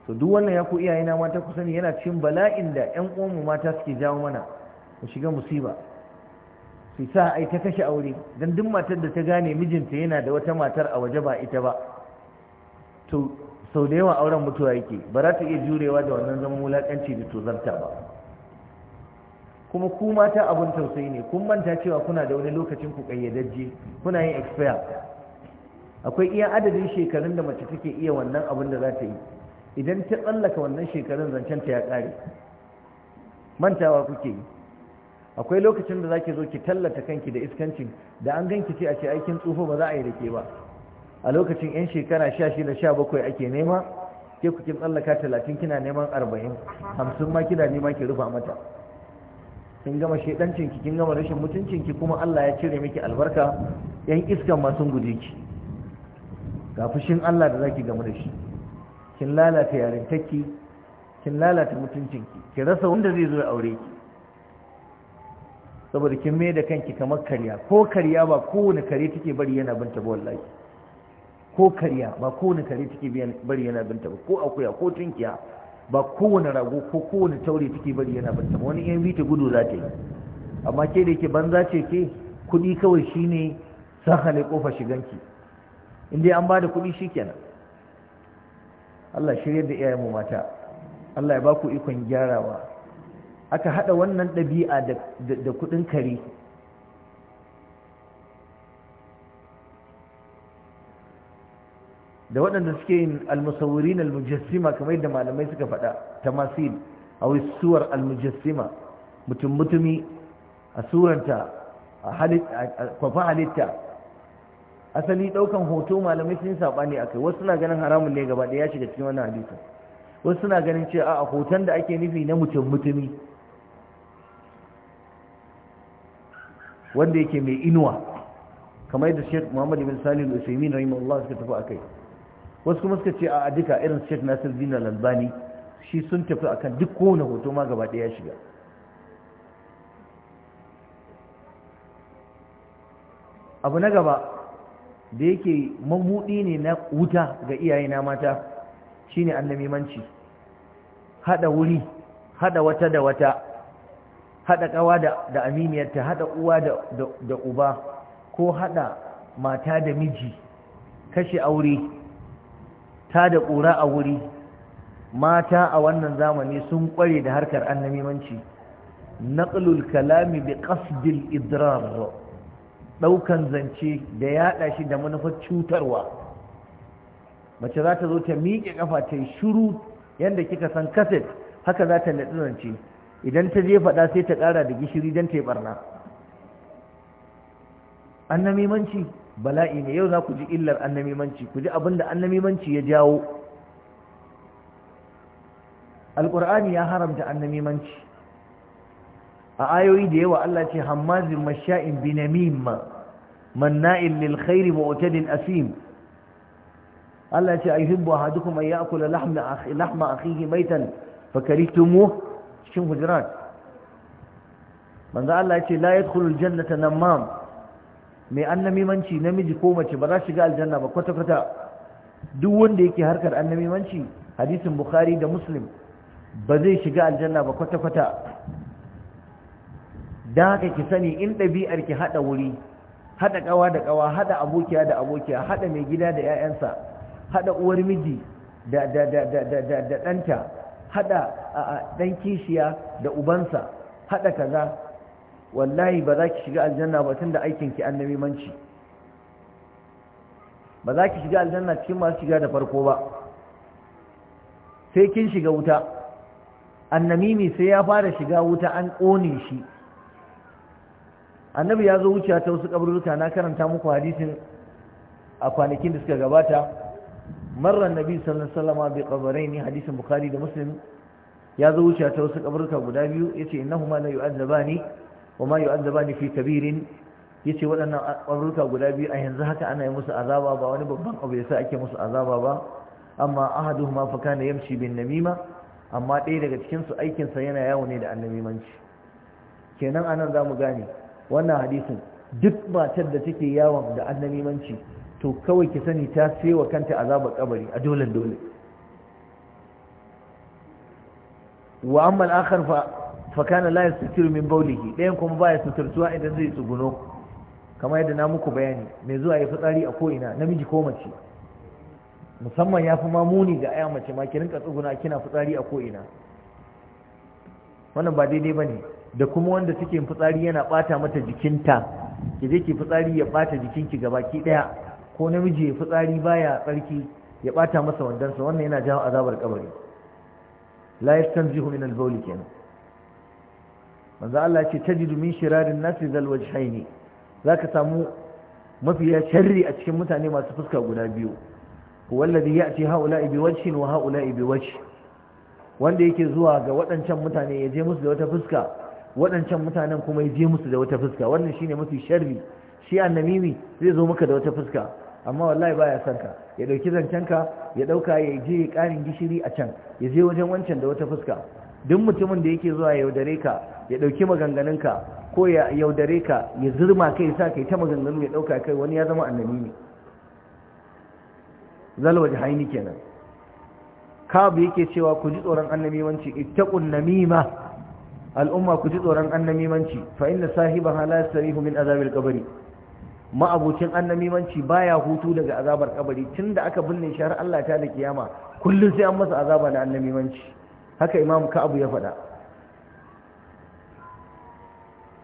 to duk wannan ya ku iyayena mata ku sani yana cikin bala'in da ƴan uwanmu mata suke jawo mana mu shiga musiba su sa ai ta kashe aure dan duk matar da ta gane mijinta yana da wata matar a waje ba ita ba to sau da yawa auren mutuwa yake ba za ta iya jurewa da wannan zaman wulaƙanci da tozarta ba kuma ku mata abun tausayi ne kun manta cewa kuna da wani lokacin ku kayyadajje kuna yin expire akwai iya adadin shekarun da mace take iya wannan abun da za ta yi idan ta tsallaka wannan shekarun zancen ta ya kare mantawa kuke yi akwai lokacin da zaki zo ki tallata kanki da iskancin da an ganki ce a ce aikin tsufa ba za a yi da ke ba a lokacin yan shekara sha sha bakwai ake nema ke ku tsallaka talatin kina neman arba'in, hamsin ma kina nema ki rufa mata kin gama shedancin ki kin gama rashin mutuncin ki kuma Allah ya cire miki albarka yan iskan ma sun guje ki ga fushin Allah da zaki gamu da shi kin lalata yarintakki kin lalata mutuncin ki ki rasa wanda zai zo ya aure ki saboda kin mai da kanki kamar karya ko karya ba kowane kare take bari yana binta ba wallahi ko karya ba kowane kare take bari yana binta ba ko akuya ko tunkiya ba kowane rago ko kowane taure take bari yana bata wani yan bita gudu za ta yi amma ke da yake banza ce ke kuɗi kawai shine sahale kofa shiganki in dai an bada kuɗi kenan Allah shiryar da mu mata Allah ya ba ku ikon gyarawa aka hada wannan ɗabi'a da kuɗin kare da waɗanda suke yin na almujassima kamar yadda malamai suka faɗa tamasil a suwar almujassima mutum mutumi a suranta a kwafa halitta asali ɗaukan hoto malamai sun saɓani a kai wasu suna ganin haramun ne gaba ɗaya ya shiga cikin wannan hadisin wasu suna ganin cewa, a hoton da ake nufi na mutum mutumi wanda yake mai inuwa kamar yadda shek muhammad ibn na usaimin Allah suka tafi a kai. wasu kuma suka ce a duka irin sheikh nasir dina lalbani shi sun tafi akan duk kowane hoto ma gaba ɗaya shiga abu na gaba da yake mabuɗi ne na wuta ga iyaye na mata shine annamimanci hada wuri hada wata da wata hada kawa da aminiyarta haɗa uwa da uba ko haɗa mata da miji kashe aure ta da ƙura a wuri mata a wannan zamani sun ƙware da harkar annamimanci naqlul kalami bi qasdil idrar ɗaukan zance da yaɗa shi da manufar cutarwa mace za ta zo ta miƙe ƙafa ta yi shuru yadda kika san kaset haka za ta naɗi zance idan ta je faɗa sai ta ƙara da gishiri don ta yi ɓarna annamimanci bala'i ne yau za ku ji illar annamimanci ku ji abin da annamimanci ya jawo alƙur'ani ya haramta annamimanci a ayoyi da yawa Allah ce hammazin masha'in binamim manna'in lil khairi mu'tadin asim Allah ce ayyuhibbu ahadukum an ya'kula lahma akhi lahma akhihi maitan fakarihtumu cikin hujurat manzo Allah ce la yadkhulul jannata namam mai annamimanci namiji ko mace ba za shiga aljanna ba kwata-kwata duk wanda yake harkar annamimanci hadisin bukhari da muslim ba zai shiga aljanna ba kwata-kwata da haka ki sani in ɗabi'ar ki haɗa wuri haɗa ƙawa da ƙawa haɗa abokiya da abokiya haɗa mai gida da 'ya'yansa haɗa uwar miji da ɗanta haɗa ɗan kishiya da ubansa haɗa kaza wallahi ba za ki shiga aljanna ba tunda aikin ki annabi manci ba za ki shiga aljanna cikin masu shiga da farko ba sai kin shiga wuta mai sai ya fara shiga wuta an ƙone shi annabi ya zo wuciya ta wasu kaburruka na karanta muku hadisin a kwanakin da suka gabata marar nabi sallallahu alaihi wasallam bi qabrayn hadisin bukhari da muslim ya zo wuciya ta wasu kaburruka guda biyu yace innahuma la yu'adzabani wa ma yu'adzabani fi kabirin yace waɗannan ƙwarruka guda biyu a yanzu haka ana yi musu azaba ba wani babban abu sa ake musu azaba ba amma ahaduhuma fa kana yamshi bin namima amma ɗaya daga cikin su aikin sa yana yawo ne da annamimanci kenan anan zamu gane wannan hadisin duk matar da take yawon da annamimanci to kawai ki sani ta sewa kanta azabar kabari a dole dole wa amma al fa fakana la yastatiru min bawlihi dayan kuma baya suturtuwa idan zai tsuguno kamar yadda na muku bayani mai zuwa ya fitsari a ko ina namiji ko mace musamman ya fi mamuni ga aya mace ma ki rinka tsuguna kina fitsari a ko ina wannan ba daidai bane da kuma wanda suke fitsari yana bata mata jikinta ki je ki fitsari ya bata jikinki gabaki daya ko namiji ya fitsari baya tsarki ya bata masa wandansa wannan yana jawo azabar kabari la yastanzihu min al bawli kenan wanda Allah ce tajidu min shirarin nasi zal wajhaini zaka samu ya sharri a cikin mutane masu fuska guda biyu wallazi ya'ti haula'i bi wajhin wa haula'i bi wajh wanda yake zuwa ga waɗancan mutane ya je musu da wata fuska waɗancan mutanen kuma ya je musu da wata fuska wannan shine mafi sharri shi annamimi zai zo maka da wata fuska amma wallahi baya son ka ya dauki ka ya dauka ya je ya karin gishiri a can ya je wajen wancan da wata fuska duk mutumin da yake zuwa yaudare ka ya dauki ka ko ya yaudare ka ya zurma kai sa kai ta maganganu ya dauka kai wani ya zama annabi ne zalwa da haini kenan kabu yake cewa ku ji tsoron annabiwanci ittaqun namima al'umma ku ji tsoron annabiwanci fa inna sahibaha la yasrihu min azabil qabri ma'abucin annabiwanci baya hutu daga azabar kabari tunda aka binne shi Allah ta da kiyama kullun sai an masa azaba na annabiwanci haka imam abu ya faɗa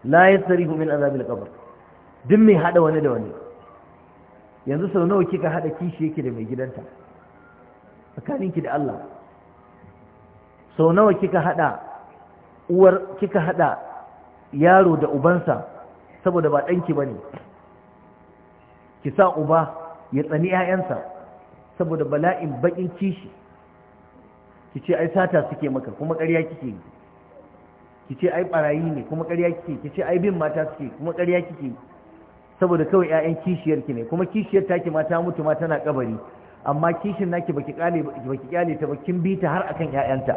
la yasrifu min azabil qabr duk mai hada wani da wani yanzu sau nawa kika hada kishi yake da mai gidanta tsakaninki da Allah sau nawa kika hada uwar kika hada yaro da ubansa saboda ba danki bane ki sa uba ya tsani 'ya'yansa saboda bala'in baƙin kishi ki ce ai sata suke maka kuma ƙarya kike yi ki ce ai barayi ne kuma ƙarya kike ki ce ai bin mata suke kuma ƙarya kike saboda kawai ƴaƴan kishiyar ki ne kuma kishiyar ta ki mata mutu ma tana kabari amma kishin naki baki kale baki kyale ta bakin bi ta har akan ƴaƴanta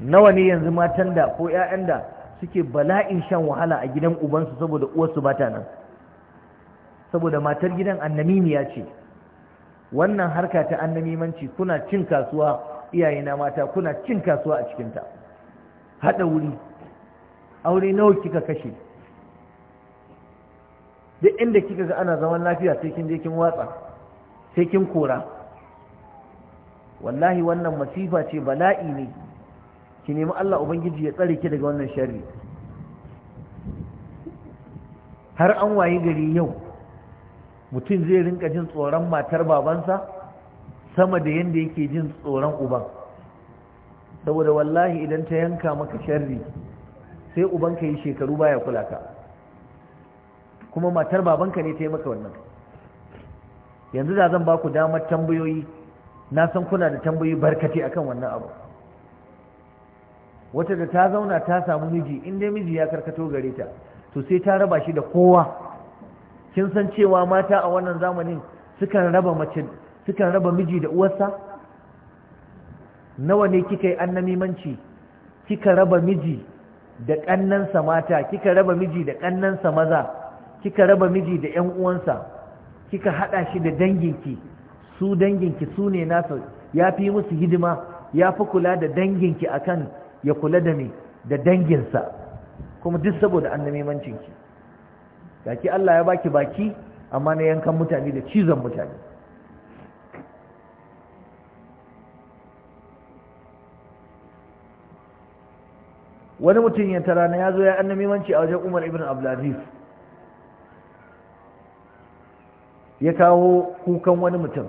nawa ne yanzu matan da ko ƴaƴan da suke bala'in shan wahala a gidan ubansu saboda uwarsu ba ta nan saboda matar gidan annamimiya ce wannan harka ta annamimanci kuna cin kasuwa iyayena mata kuna cin kasuwa a cikinta haɗa wuri aure nawa kika kashe duk inda kika ga ana zaman lafiya sai kin je kin watsa sai kin kora wallahi wannan masifa ce bala'i ne ki nemi Allah ubangiji ya tsare ki daga wannan sharri har an wayi gari yau mutum zai rinka jin tsoron matar babansa sama da yadda yake jin tsoron uban saboda wallahi idan ta yanka maka sharri sai ubanka yi shekaru baya kula ka kuma matar babanka ne ta yi maka wannan yanzu da zan baku damar tambayoyi na san kuna da tambayi barkati akan wannan abu wata da ta zauna ta samu miji inda miji ya karkato gare ta to sai ta raba shi da kowa kin san cewa mata a wannan zamanin sukan raba mace sukan raba miji da uwarsa nawa ne kika yi annamimanci kika raba miji da ƙannansa mata kika raba miji da ƙannansa maza kika raba miji da ƴan uwansa kika haɗa shi da danginki su danginki su ne nasa ya fi musu hidima ya fi kula da danginki akan ya kula da me da danginsa kuma duk saboda annamimancinki daki Allah ya baki baki amma na yankan mutane da cizon mutane wani mutum ya tara na ya zo ya annamimanci a wajen umar ibn abdulaziz ya kawo kukan wani mutum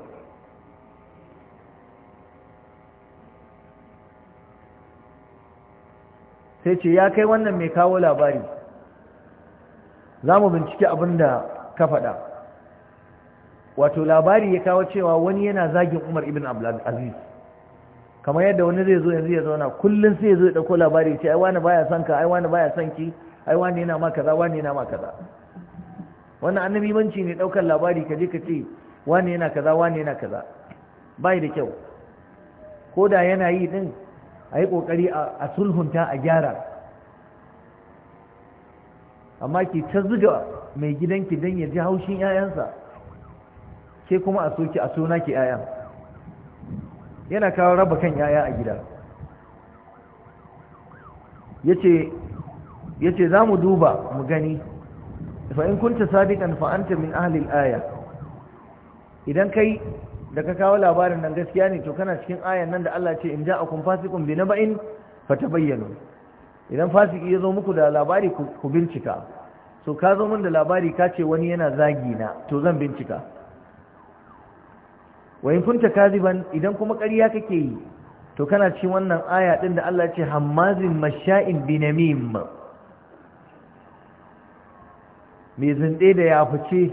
sai ce ya kai wannan mai kawo labari za mu binciki abin da ka faɗa wato labari ya kawo cewa wani yana zagin umar ibn aziz kamar yadda wani zai zo yanzu ya zauna kullum sai ya zo ya ɗauko labari ya ce ai wani baya son ka ai wani baya son ki ai wani yana ma kaza wani yana ma kaza wannan annabi banci ne ɗaukar labari ka je ka ce wani yana kaza wani yana kaza bai da kyau ko da yana yi din a yi ƙoƙari a sulhunta a gyara amma ki ta zuga mai gidanki don ya ji haushin 'ya'yansa ke kuma a soke a suna ki 'ya'yan yana kawo raba kan 'ya'ya a gida ya ce za mu duba mu gani fa'in kunta sadiqan fa'anta min ahalil aya idan kai da ka kawo labarin nan gaskiya ne to kana cikin ayan nan da Allah ce in ja ja'akum fasikun bi na ta bayyana. idan fasiki ya zo muku da labari ku bincika so ka zo min da labari ka ce wani yana zagi na to zan bincika wa kunta kaziban idan kuma ƙarya kake yi to kana ci wannan aya din da Allah ce hammazin masha'in binamim mai zinde da ya fice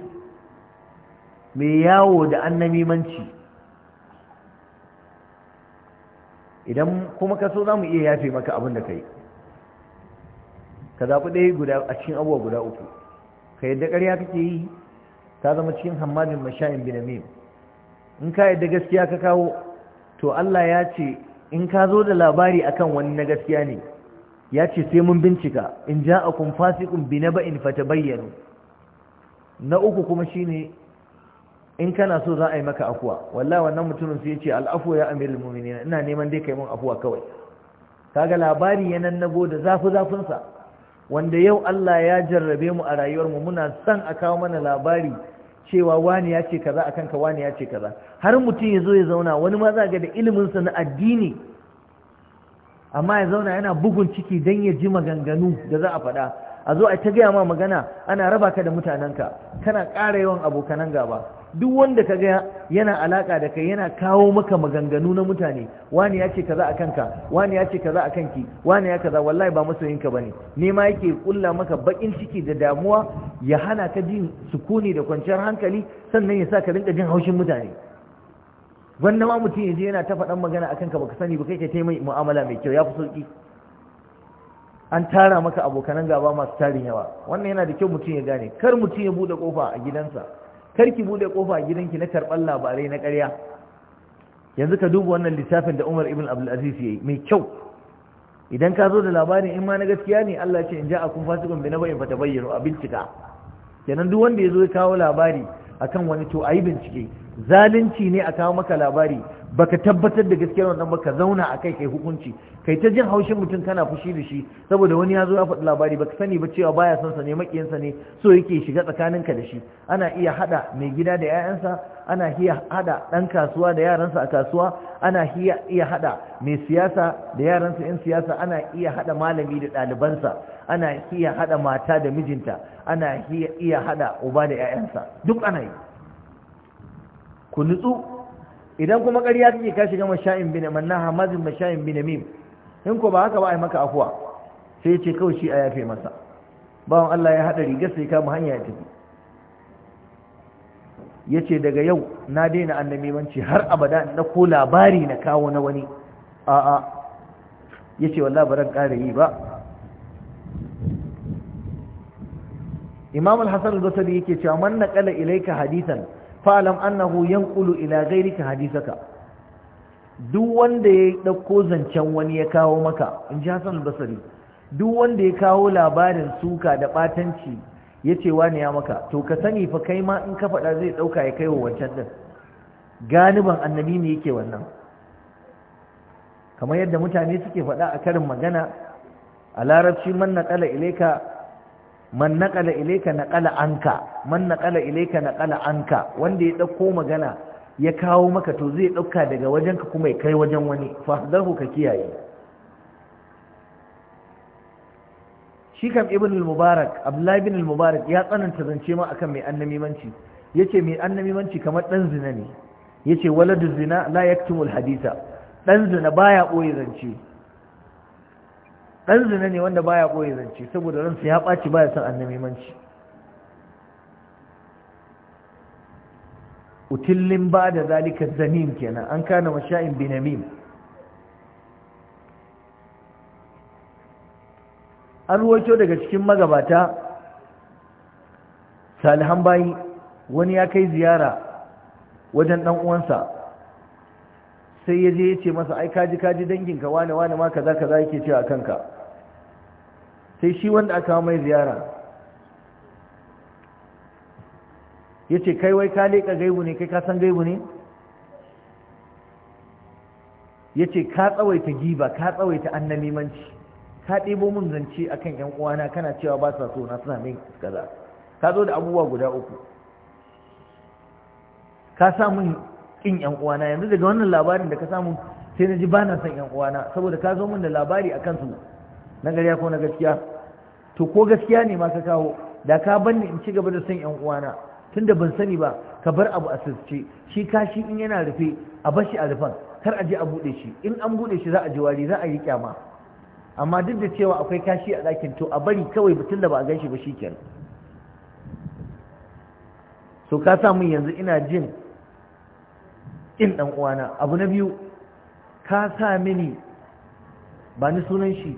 mai yawo da annamimanci idan kuma ka so za mu iya yafe maka abin da ka yi ka zaɓi ɗaya guda a cikin abubuwa guda uku ka yadda ƙarya kake yi ta zama cikin hammadin mashayin binamin in ka yadda gaskiya ka kawo to Allah ya ce in ka zo da labari akan wani na gaskiya ne ya ce sai mun bincika in ja a fasiqun binaba'in bi na uku kuma shine in kana so za a yi maka afuwa wallahi wannan mutumin sai ya ce al'afu ya amirul ina neman dai kai mun afuwa kawai kaga labari yanan nago da zafi zafin sa wanda yau Allah ya jarrabe mu a rayuwarmu muna son a kawo mana labari cewa wani ya ce kaza akan ka wani ya ce kaza har mutum ya zo ya zauna wani ma za ga da ilimin sa na addini amma ya zauna yana bugun ciki dan ya ji maganganu da za a faɗa a zo a ta gaya ma magana ana raba ka da mutanenka kana ƙara yawan abokanan gaba duk wanda ka ga yana alaka da kai yana kawo maka maganganu na mutane wani ya ce ka za a kanka wani ya ce ka za a kanki wani ya kaza wallahi ba masoyinka bane ne ma yake kulla maka bakin ciki da damuwa ya hana ka jin sukuni da kwanciyar hankali sannan ya sa ka rinka jin haushin mutane wannan ma mutum yaje yana ta faɗan magana akan ka baka sani ba kai ka taimai mu'amala mai kyau ya fi sauki an tara maka abokanan gaba masu tarin yawa wannan yana da kyau mutum ya gane kar mutum ya bude kofa a gidansa kar ki bude kofa a gidanki na karɓar labarai na ƙarya yanzu ka duba wannan littafin da Umar ibn Abdul Aziz yi, mai kyau idan ka zo da labarin in ma na gaskiya ne Allah ce in ja a kun fasikun bi naba'in fata bayyano a bincika kenan duk wanda ya zo ya kawo labari akan wani to yi bincike zalunci ne a kawo maka labari baka tabbatar da gaskiyar wannan ba ka zauna a kai kai hukunci kai ta jin haushin mutum kana fushi da shi saboda wani ya zo ya faɗi labari baka sani ba cewa baya son sa ne makiyansa ne so yake shiga tsakaninka da shi ana iya hada mai gida da 'ya'yansa ana iya hada dan kasuwa da yaransa a kasuwa ana iya hada mai siyasa da yaransa 'yan siyasa ana iya hada malami da ɗalibansa ana iya hada mata da mijinta ana iya hada uba da 'ya'yansa duk ana yi ku nutsu idan kuma ƙarya kake ka shiga masha'in bin manna hamazin masha'in bin mim in ko ba haka ba ai maka afuwa sai ya ce kawai shi a yafe masa bawan Allah ya hada rigar sai kama hanya ya tafi yace daga yau na daina annabimanci har abada na ko labari na kawo na wani a'a yace wallahi baran ƙara yi ba Imam al-Hasan al-Basri yake cewa man naqala ilayka hadithan falam annahu yanqulu ila ghayrika hadithaka duk wanda ya dauko zancen wani ya kawo maka in ji Hassan al-Basri duk wanda ya kawo labarin suka da batanci yace wani ya maka to ka sani fa kai ma in ka faɗa zai dauka ya kai wancan din ganiban annabi ne yake wannan kamar yadda mutane suke faɗa a karin magana a larabci man naqala ilayka man naqala ilayka naqala anka man naqala ilayka naqala anka wanda ya ɗauko magana ya kawo maka to zai ɗauka daga wajen ka kuma ya kai wajen wani fahdahu ka kiyaye shi kam ibn al-mubarak abdullahi ibn al-mubarak ya tsananta zance ma akan mai Manci, yace mai annamimanci kamar dan zina ne yace waladu zina la yaktumul haditha dan zina baya boye zance Ɗan zina ne wanda baya boye zance saboda ransa ya ɓaci baya son annabi manci utillin ba da zalika zanim kenan an kana masha'in binamim an ruwaito daga cikin magabata salihan bayi wani ya kai ziyara wajen ɗan uwansa sai ya je ya ce masa ai kaji kaji danginka wane wane ma kaza kaza yake a kanka sai shi wanda aka mai ziyara ya ce kai wai ka leƙa gaibu ne kai ka san gaibu ne ya ce ka tsawaita giba ka tsawaita annamimanci ka ɗebo mun zance a kan ‘yan uwana kana cewa ba sa so na suna min kaza ka zo da abubuwa guda uku ka samun ƙin ‘yan uwana yanzu daga wannan labarin da ka samun sai na ji ba na son ‘yan uwana saboda ka zo mun da labari a kansu na gariya ko na gaskiya to ko gaskiya ne ma ka kawo da ka ban ni in ci gaba da san yan uwana tunda ban sani ba ka bar abu a sirce shi kashi in yana rufe a bar shi a rufan kar a je a bude shi in an bude shi za a ji wari za a yi kyama amma duk da cewa akwai kashi a ɗakin to a bari kawai mutum da ba a gan shi ba shi kenan to ka sa min yanzu ina jin in ɗan uwana abu na biyu ka sa mini ba ni sunan shi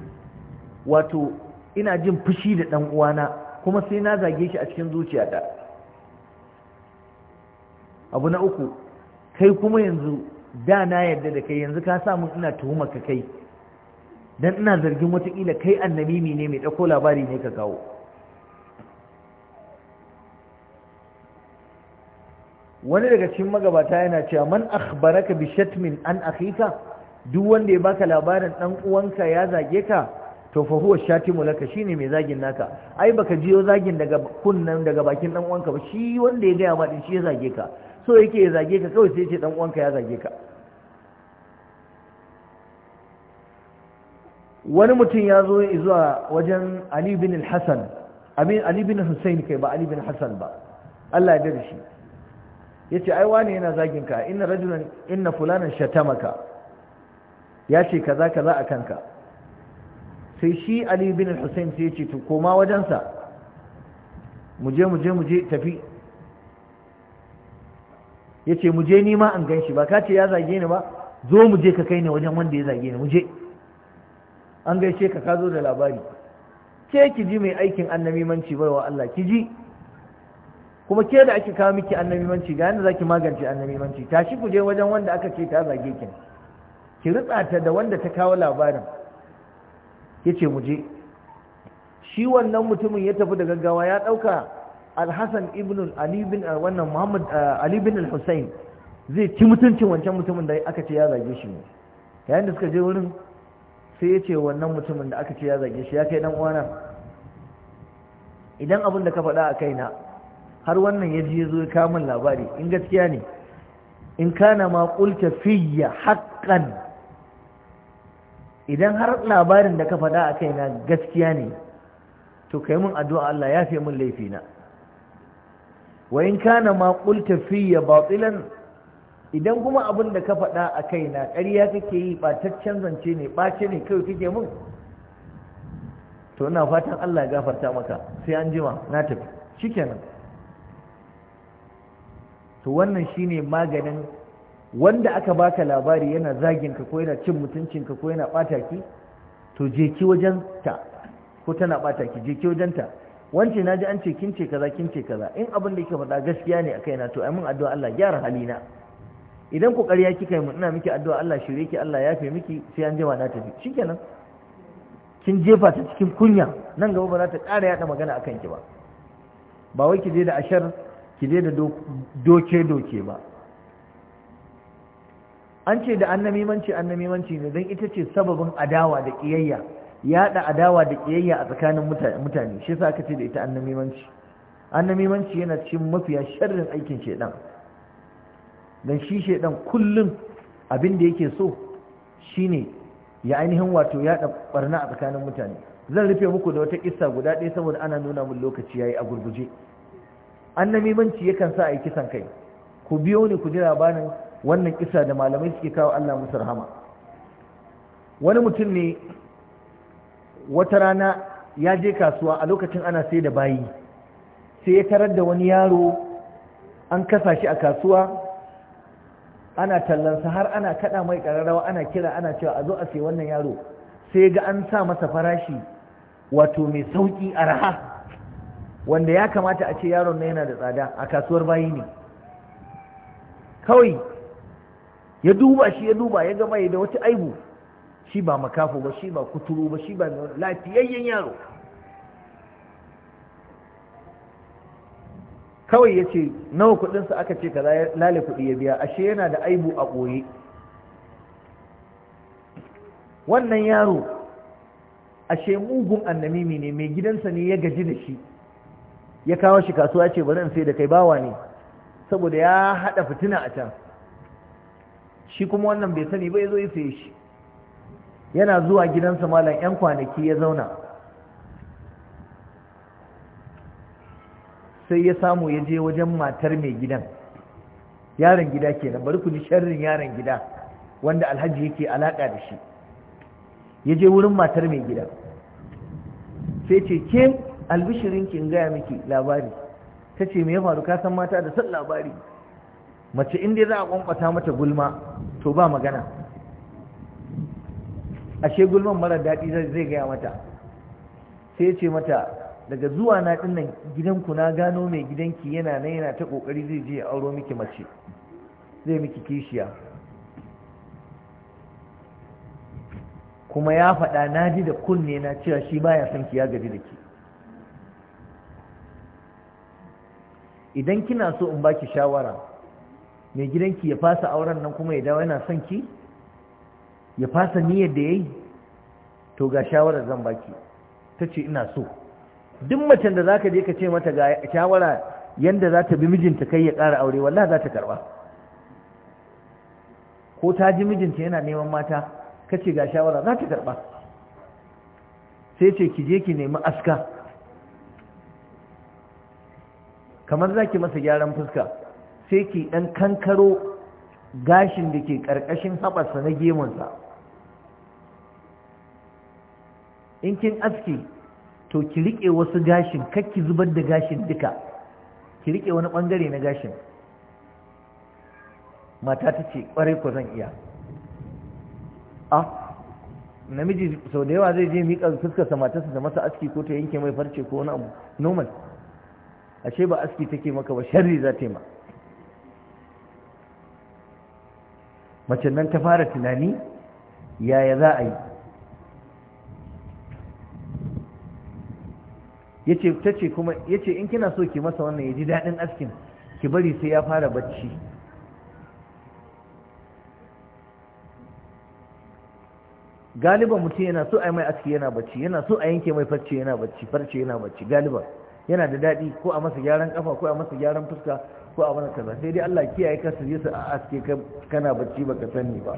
wato ina jin fushi da ɗan uwana kuma sai na zage shi a cikin zuciya zuciyata abu na uku kai kuma yanzu da na yarda da kai yanzu ka samu ina tuhumar ka kai dan ina zargin watakila kai annabimi ne mai ɗauko labari ne ka kawo wani daga cikin magabata yana cewa man akhbaraka bi shatmin an akhika duk wanda ya baka labarin dan uwanka ya zage ka to fa huwa shatimu laka shine mai zagin naka ai baka jiyo zagin daga kunnan daga bakin dan uwanka ba shi wanda ya gaya ma din shi ya zage ka so yake ya zage ka kawai sai ya ce dan uwanka ya zage ka wani mutum ya zo zuwa wajen Ali bin al-Hasan amin Ali bin Hussein kai ba Ali bin Hasan ba Allah ya dade shi yace ai wane yana zagin ka inna rajulan inna fulanan shatamaka yace kaza kaza akan ka sai shi ali bin hussein sai ce to koma wajensa muje muje muje tafi ya ce muje ni ma an gan shi ba ka ce ya zage ni ba zo muje ka kai ni wajen wanda ya zage ni muje an gaishe ka ka zo da labari ke ki ji mai aikin annabimanci bai wa Allah ki ji kuma ke da ake kawo miki annabimanci ga yanda zaki magance annabimanci tashi ku je wajen wanda aka ce ta zage ki ki ritsa ta da wanda ta kawo labarin ya ce mu shi wannan mutumin ya tafi da gaggawa ya ɗauka alhassan ibn alibin al zai ci mutuncin wancan mutumin da aka ce ya zage shi ne yayin da suka je wurin sai ya ce wannan mutumin da aka ce ya zage shi ya kai dan uwana idan abin da ka faɗa a na har wannan ya ji ya zo ya kamun labari in gaskiya ne in kana ma qulta fiyya haqqan idan har labarin da ka faɗa a kaina gaskiya ne to kai mun addu'a Allah ya fi mun laifina wa in kana ma qulta fiyya batilan idan kuma abin da ka faɗa a kaina ƙarya kake yi ɓataccen zance ne ɓace ne kawai kake mun to ina fatan Allah ya gafarta maka sai an jima na tafi shikenan to wannan shine maganin wanda aka baka labari yana zagin ka ko yana cin mutuncinka ko yana bata ki to je ki wajen ta ko tana bata ki je ki wajen ta wance ji an ce kin ce kaza kin ce kaza in abin da kika faɗa gaskiya ne akai na to amin addu'a Allah gyara halina idan ku ƙarya kika yi mun ina miki addu'a Allah shirye ki Allah yafe miki sai an jima na tafi shikenan kin jefa ta cikin kunya nan gaba ba za ta ƙara yada magana akan ki ba ba wai ki je da ashar ki je da doke doke ba an ce da annamimanci annamimanci ne don ita ce sababin adawa da ƙiyayya yaɗa adawa da ƙiyayya a tsakanin mutane shi sa aka ce da ita annamimanci annamimanci yana cikin mafiya sharrin aikin shedan don shi shedan kullum abin da yake so shine ya ainihin wato yaɗa barna a tsakanin mutane zan rufe muku da wata kissa guda ɗaya saboda ana nuna mun lokaci yayi a gurguje annamimanci yakan sa a yi kisan kai ku biyo ni ku ji labarin wannan kisa da malamai suke kawo Allah musu rahama wani mutum ne wata rana ya je kasuwa a lokacin ana sai da bayi sai ya tarar da wani yaro an kasa shi a kasuwa ana tallansa har ana kada mai kararrawa ana kira ana cewa a zo a sai wannan yaro sai ga an sa masa farashi wato mai sauki a raha wanda ya kamata a ce yaron na yana da tsada a kasuwar bayi ne kawai ya duba shi ya duba ya gama da wata aibu shi ba makafo ba shi ba kuturu ba shi ba lafiyayyen yaro kawai ya ce nawa kudinsa aka ce ka lale kudi ya biya ashe yana da aibu a ɓoye wannan yaro ashe mugun annamimi ne mai gidansa ne ya gaji da shi ya kawo shi kasuwa ce bari in sai da kai bawa ne saboda ya haɗa fitina a can shi kuma wannan bai sani ba ya zo ya saye shi yana zuwa gidansa malam 'yan kwanaki ya zauna sai ya samu ya je wajen matar mai gidan yaron gida kenan bari ku ji sharrin yaron gida wanda alhaji yake alaƙa da shi ya je wurin matar mai gida sai ce ke albishirin kin gaya miki labari ta ce mai ya faru kasan mata da san labari mace inda za a kwankwata mata gulma to ba magana ashe gulman mara daɗi zai gaya mata sai ce mata daga zuwa na ɗinnan gidanku na gano mai gidanki yana na yana ta ƙoƙari zai je ya auro miki mace zai miki kishiya kuma ya faɗa na ji da kunne na cewa shi baya son ki ya gaji da ki idan kina so in baki shawara mai gidanki ya fasa auren nan kuma ya dawo yana son ki ya fasa niyyar da yayi to ga shawarar zan baki tace ina so duk macen da zaka je ka ce mata ga shawara yanda za ta bi mijinta kai ya ƙara aure wallahi za ta karba ko ta ji mijinta yana neman mata kace ga shawara za ta karba sai ce ki je ki nemi aska kamar za ki masa gyaran fuska sai ke ɗan kankaro gashin da ke ƙarƙashin haɓarsa na gemunsa in kin aski to ki riƙe wasu gashin kakki zubar da gashin duka ki riƙe wani ɓangare na gashin mata ta ce ƙwarai ko zan iya a ah, namiji sau da yawa zai je miƙa fuskarsa matarsa da masa aski ko ta yanke mai farce ko wani abu normal ashe ba aski take maka ba sharri za ta yi ma mace nan ta fara tunani yaya za a yi yace tace kuma yace in kina so ki masa wannan yaji dadin askin ki bari sai ya fara bacci galiban mutum yana so a yi mai aski yana bacci yana so a yanke mai farce yana bacci farce yana bacci galiban yana da daɗi ko a masa gyaran kafa ko a masa gyaran fuska ko a wani kaza sai dai Allah kiyaye ka su su a aske kana bacci baka sani ba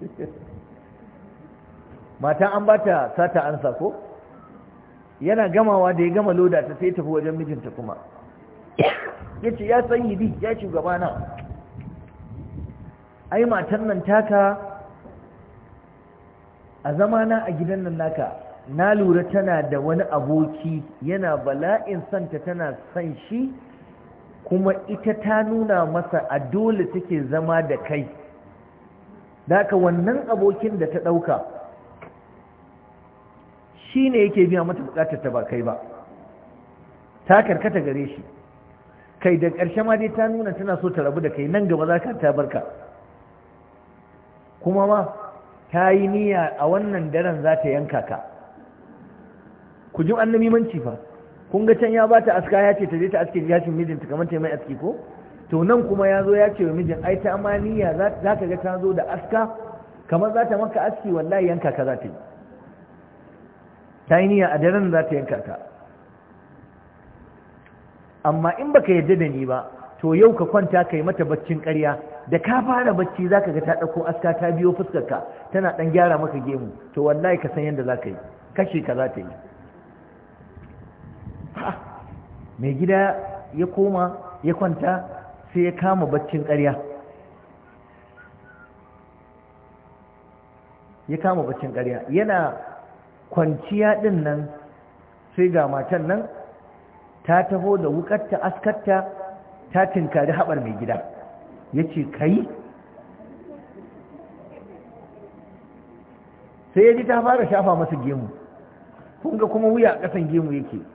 mata an bata sata ansa ko yana gamawa da ya gama loda ta sai tafi wajen mijinta kuma ya ce ya san bi ya shugaba na ai matan nan taka a zamana a gidan nan naka na lura tana da wani aboki yana bala'in santa tana san shi kuma ita ta nuna masa a dole take zama da kai daga wannan abokin da ta ɗauka shi ne yake biya mata bukatar ta ba kai ba ta karkata gare shi kai da ƙarshe ma dai ta nuna tana so ta rabu da kai nan gaba za ka ta barka kuma ma ta yi niyya a wannan daren za ta yanka ka ku ji manci fa kun ga can ya ba ta aska ya ce ta je ta aske mijin mijinta kamar ta mai aski ko to nan kuma ya zo ya ce wa mijin ai ta amaniya za ka ga ta zo da aska kamar za ta maka aski wallahi yanka ka za ta yi ta yi niyya a daren za ta yanka ka amma in baka yadda da ni ba to yau ka kwanta ka yi mata baccin ƙarya da ka fara bacci za ka ga ta ɗauko aska ta biyo fuskarka tana ɗan gyara maka gemu to wallahi ka san yadda za ka yi kashe ka za ta yi mai gida ya koma ya kwanta sai ya kama baccin ƙarya ya kama baccin ƙarya yana kwanciya ɗin nan sai ga matan nan ta taho da wukatta askarta ta tinkari haɓar mai gida ya ce kai sai ya ji ta fara shafa masa gemu kunga kuma wuya a ƙasan gemu yake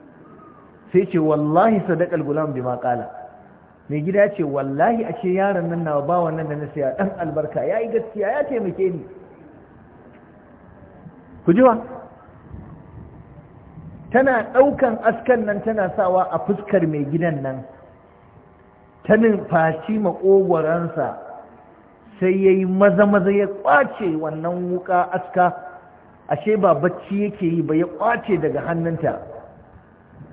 sai ce wallahi sadakar gulam ma qala mai gida ce wallahi ashe yaron nan na ba wannan da na siya dan albarka ya yi gaskiya ya taimake ni ku jiwa tana ɗaukan askan nan tana sawa a fuskar mai gidan nan ta ma makogwaransa sai ya yi maza maza ya ƙwace wannan wuka aska ashe ba bacci yake yi ba ya ƙwace daga hannunta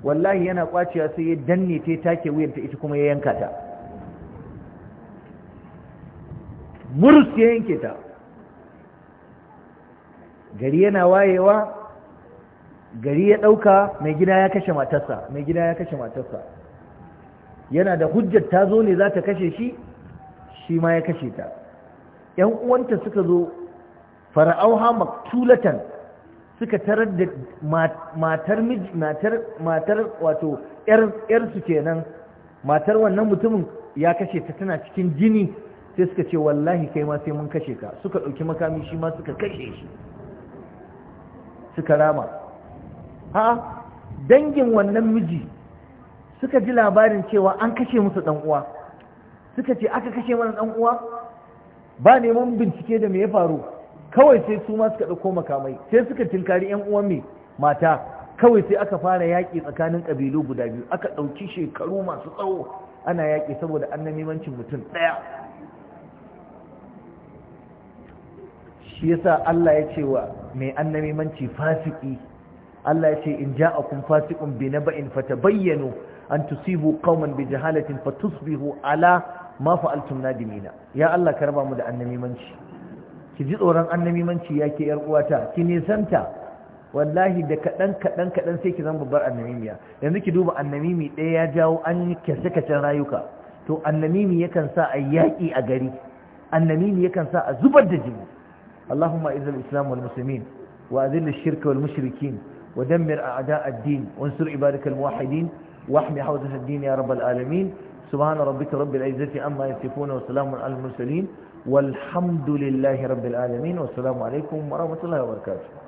wallahi yana kwaciya sai ya danne ta take wuyanta ita kuma ya yanka ta murus ya yanke ta gari yana wayewa gari ya ɗauka mai gida ya kashe matarsa mai gida ya kashe matarsa yana da hujjar ta zo ne za ta kashe shi shi ma ya kashe ta ‘yan uwanta suka zo fara'auha maktulatan suka tarar da matar matar matar wato yar su kenan matar wannan mutumin ya kashe ta tana cikin jini sai suka ce wallahi kai ma sai mun kashe ka suka ɗauki makami shi ma suka kashe shi suka rama ha dangin wannan miji suka ji labarin cewa an kashe musu dan uwa suka ce aka kashe mana dan uwa ba neman bincike da me ya faru kawai sai su ma suka ɗauko makamai sai suka tinkari yan uwan mai mata kawai sai aka fara yaƙi tsakanin ƙabilu guda biyu aka ɗauki shekaru masu tsawo ana yaƙi saboda annamimancin mutum ɗaya shi yasa Allah ya ce wa mai annamimanci fasiki Allah ya ce in ja'akum ba bi fata bayyano. an tusibu qauman bi jahalatin fatusbihu ala ma fa'altum nadimina ya Allah karba mu da annamimanci ki ji tsoron annamimanci ya ke yar uwata ki nisanta wallahi da kaɗan kaɗan kaɗan sai ki zama babbar annamimiya yanzu ki duba annamimi ɗaya ya jawo an yi kyashe rayuka to annamimi yakan sa a yaƙi a gari annamimi yakan sa a zubar da jini allahumma izal islam wal muslimin wa azil shirka wal mushrikin wa dammir a'da ad-din wa ansur ibadakal muwahhidin wa ahmi hawzat ad-din ya rabbal alamin subhana rabbika rabbil izzati amma yasifun wa salamun al mursalin والحمد لله رب العالمين والسلام عليكم ورحمة الله وبركاته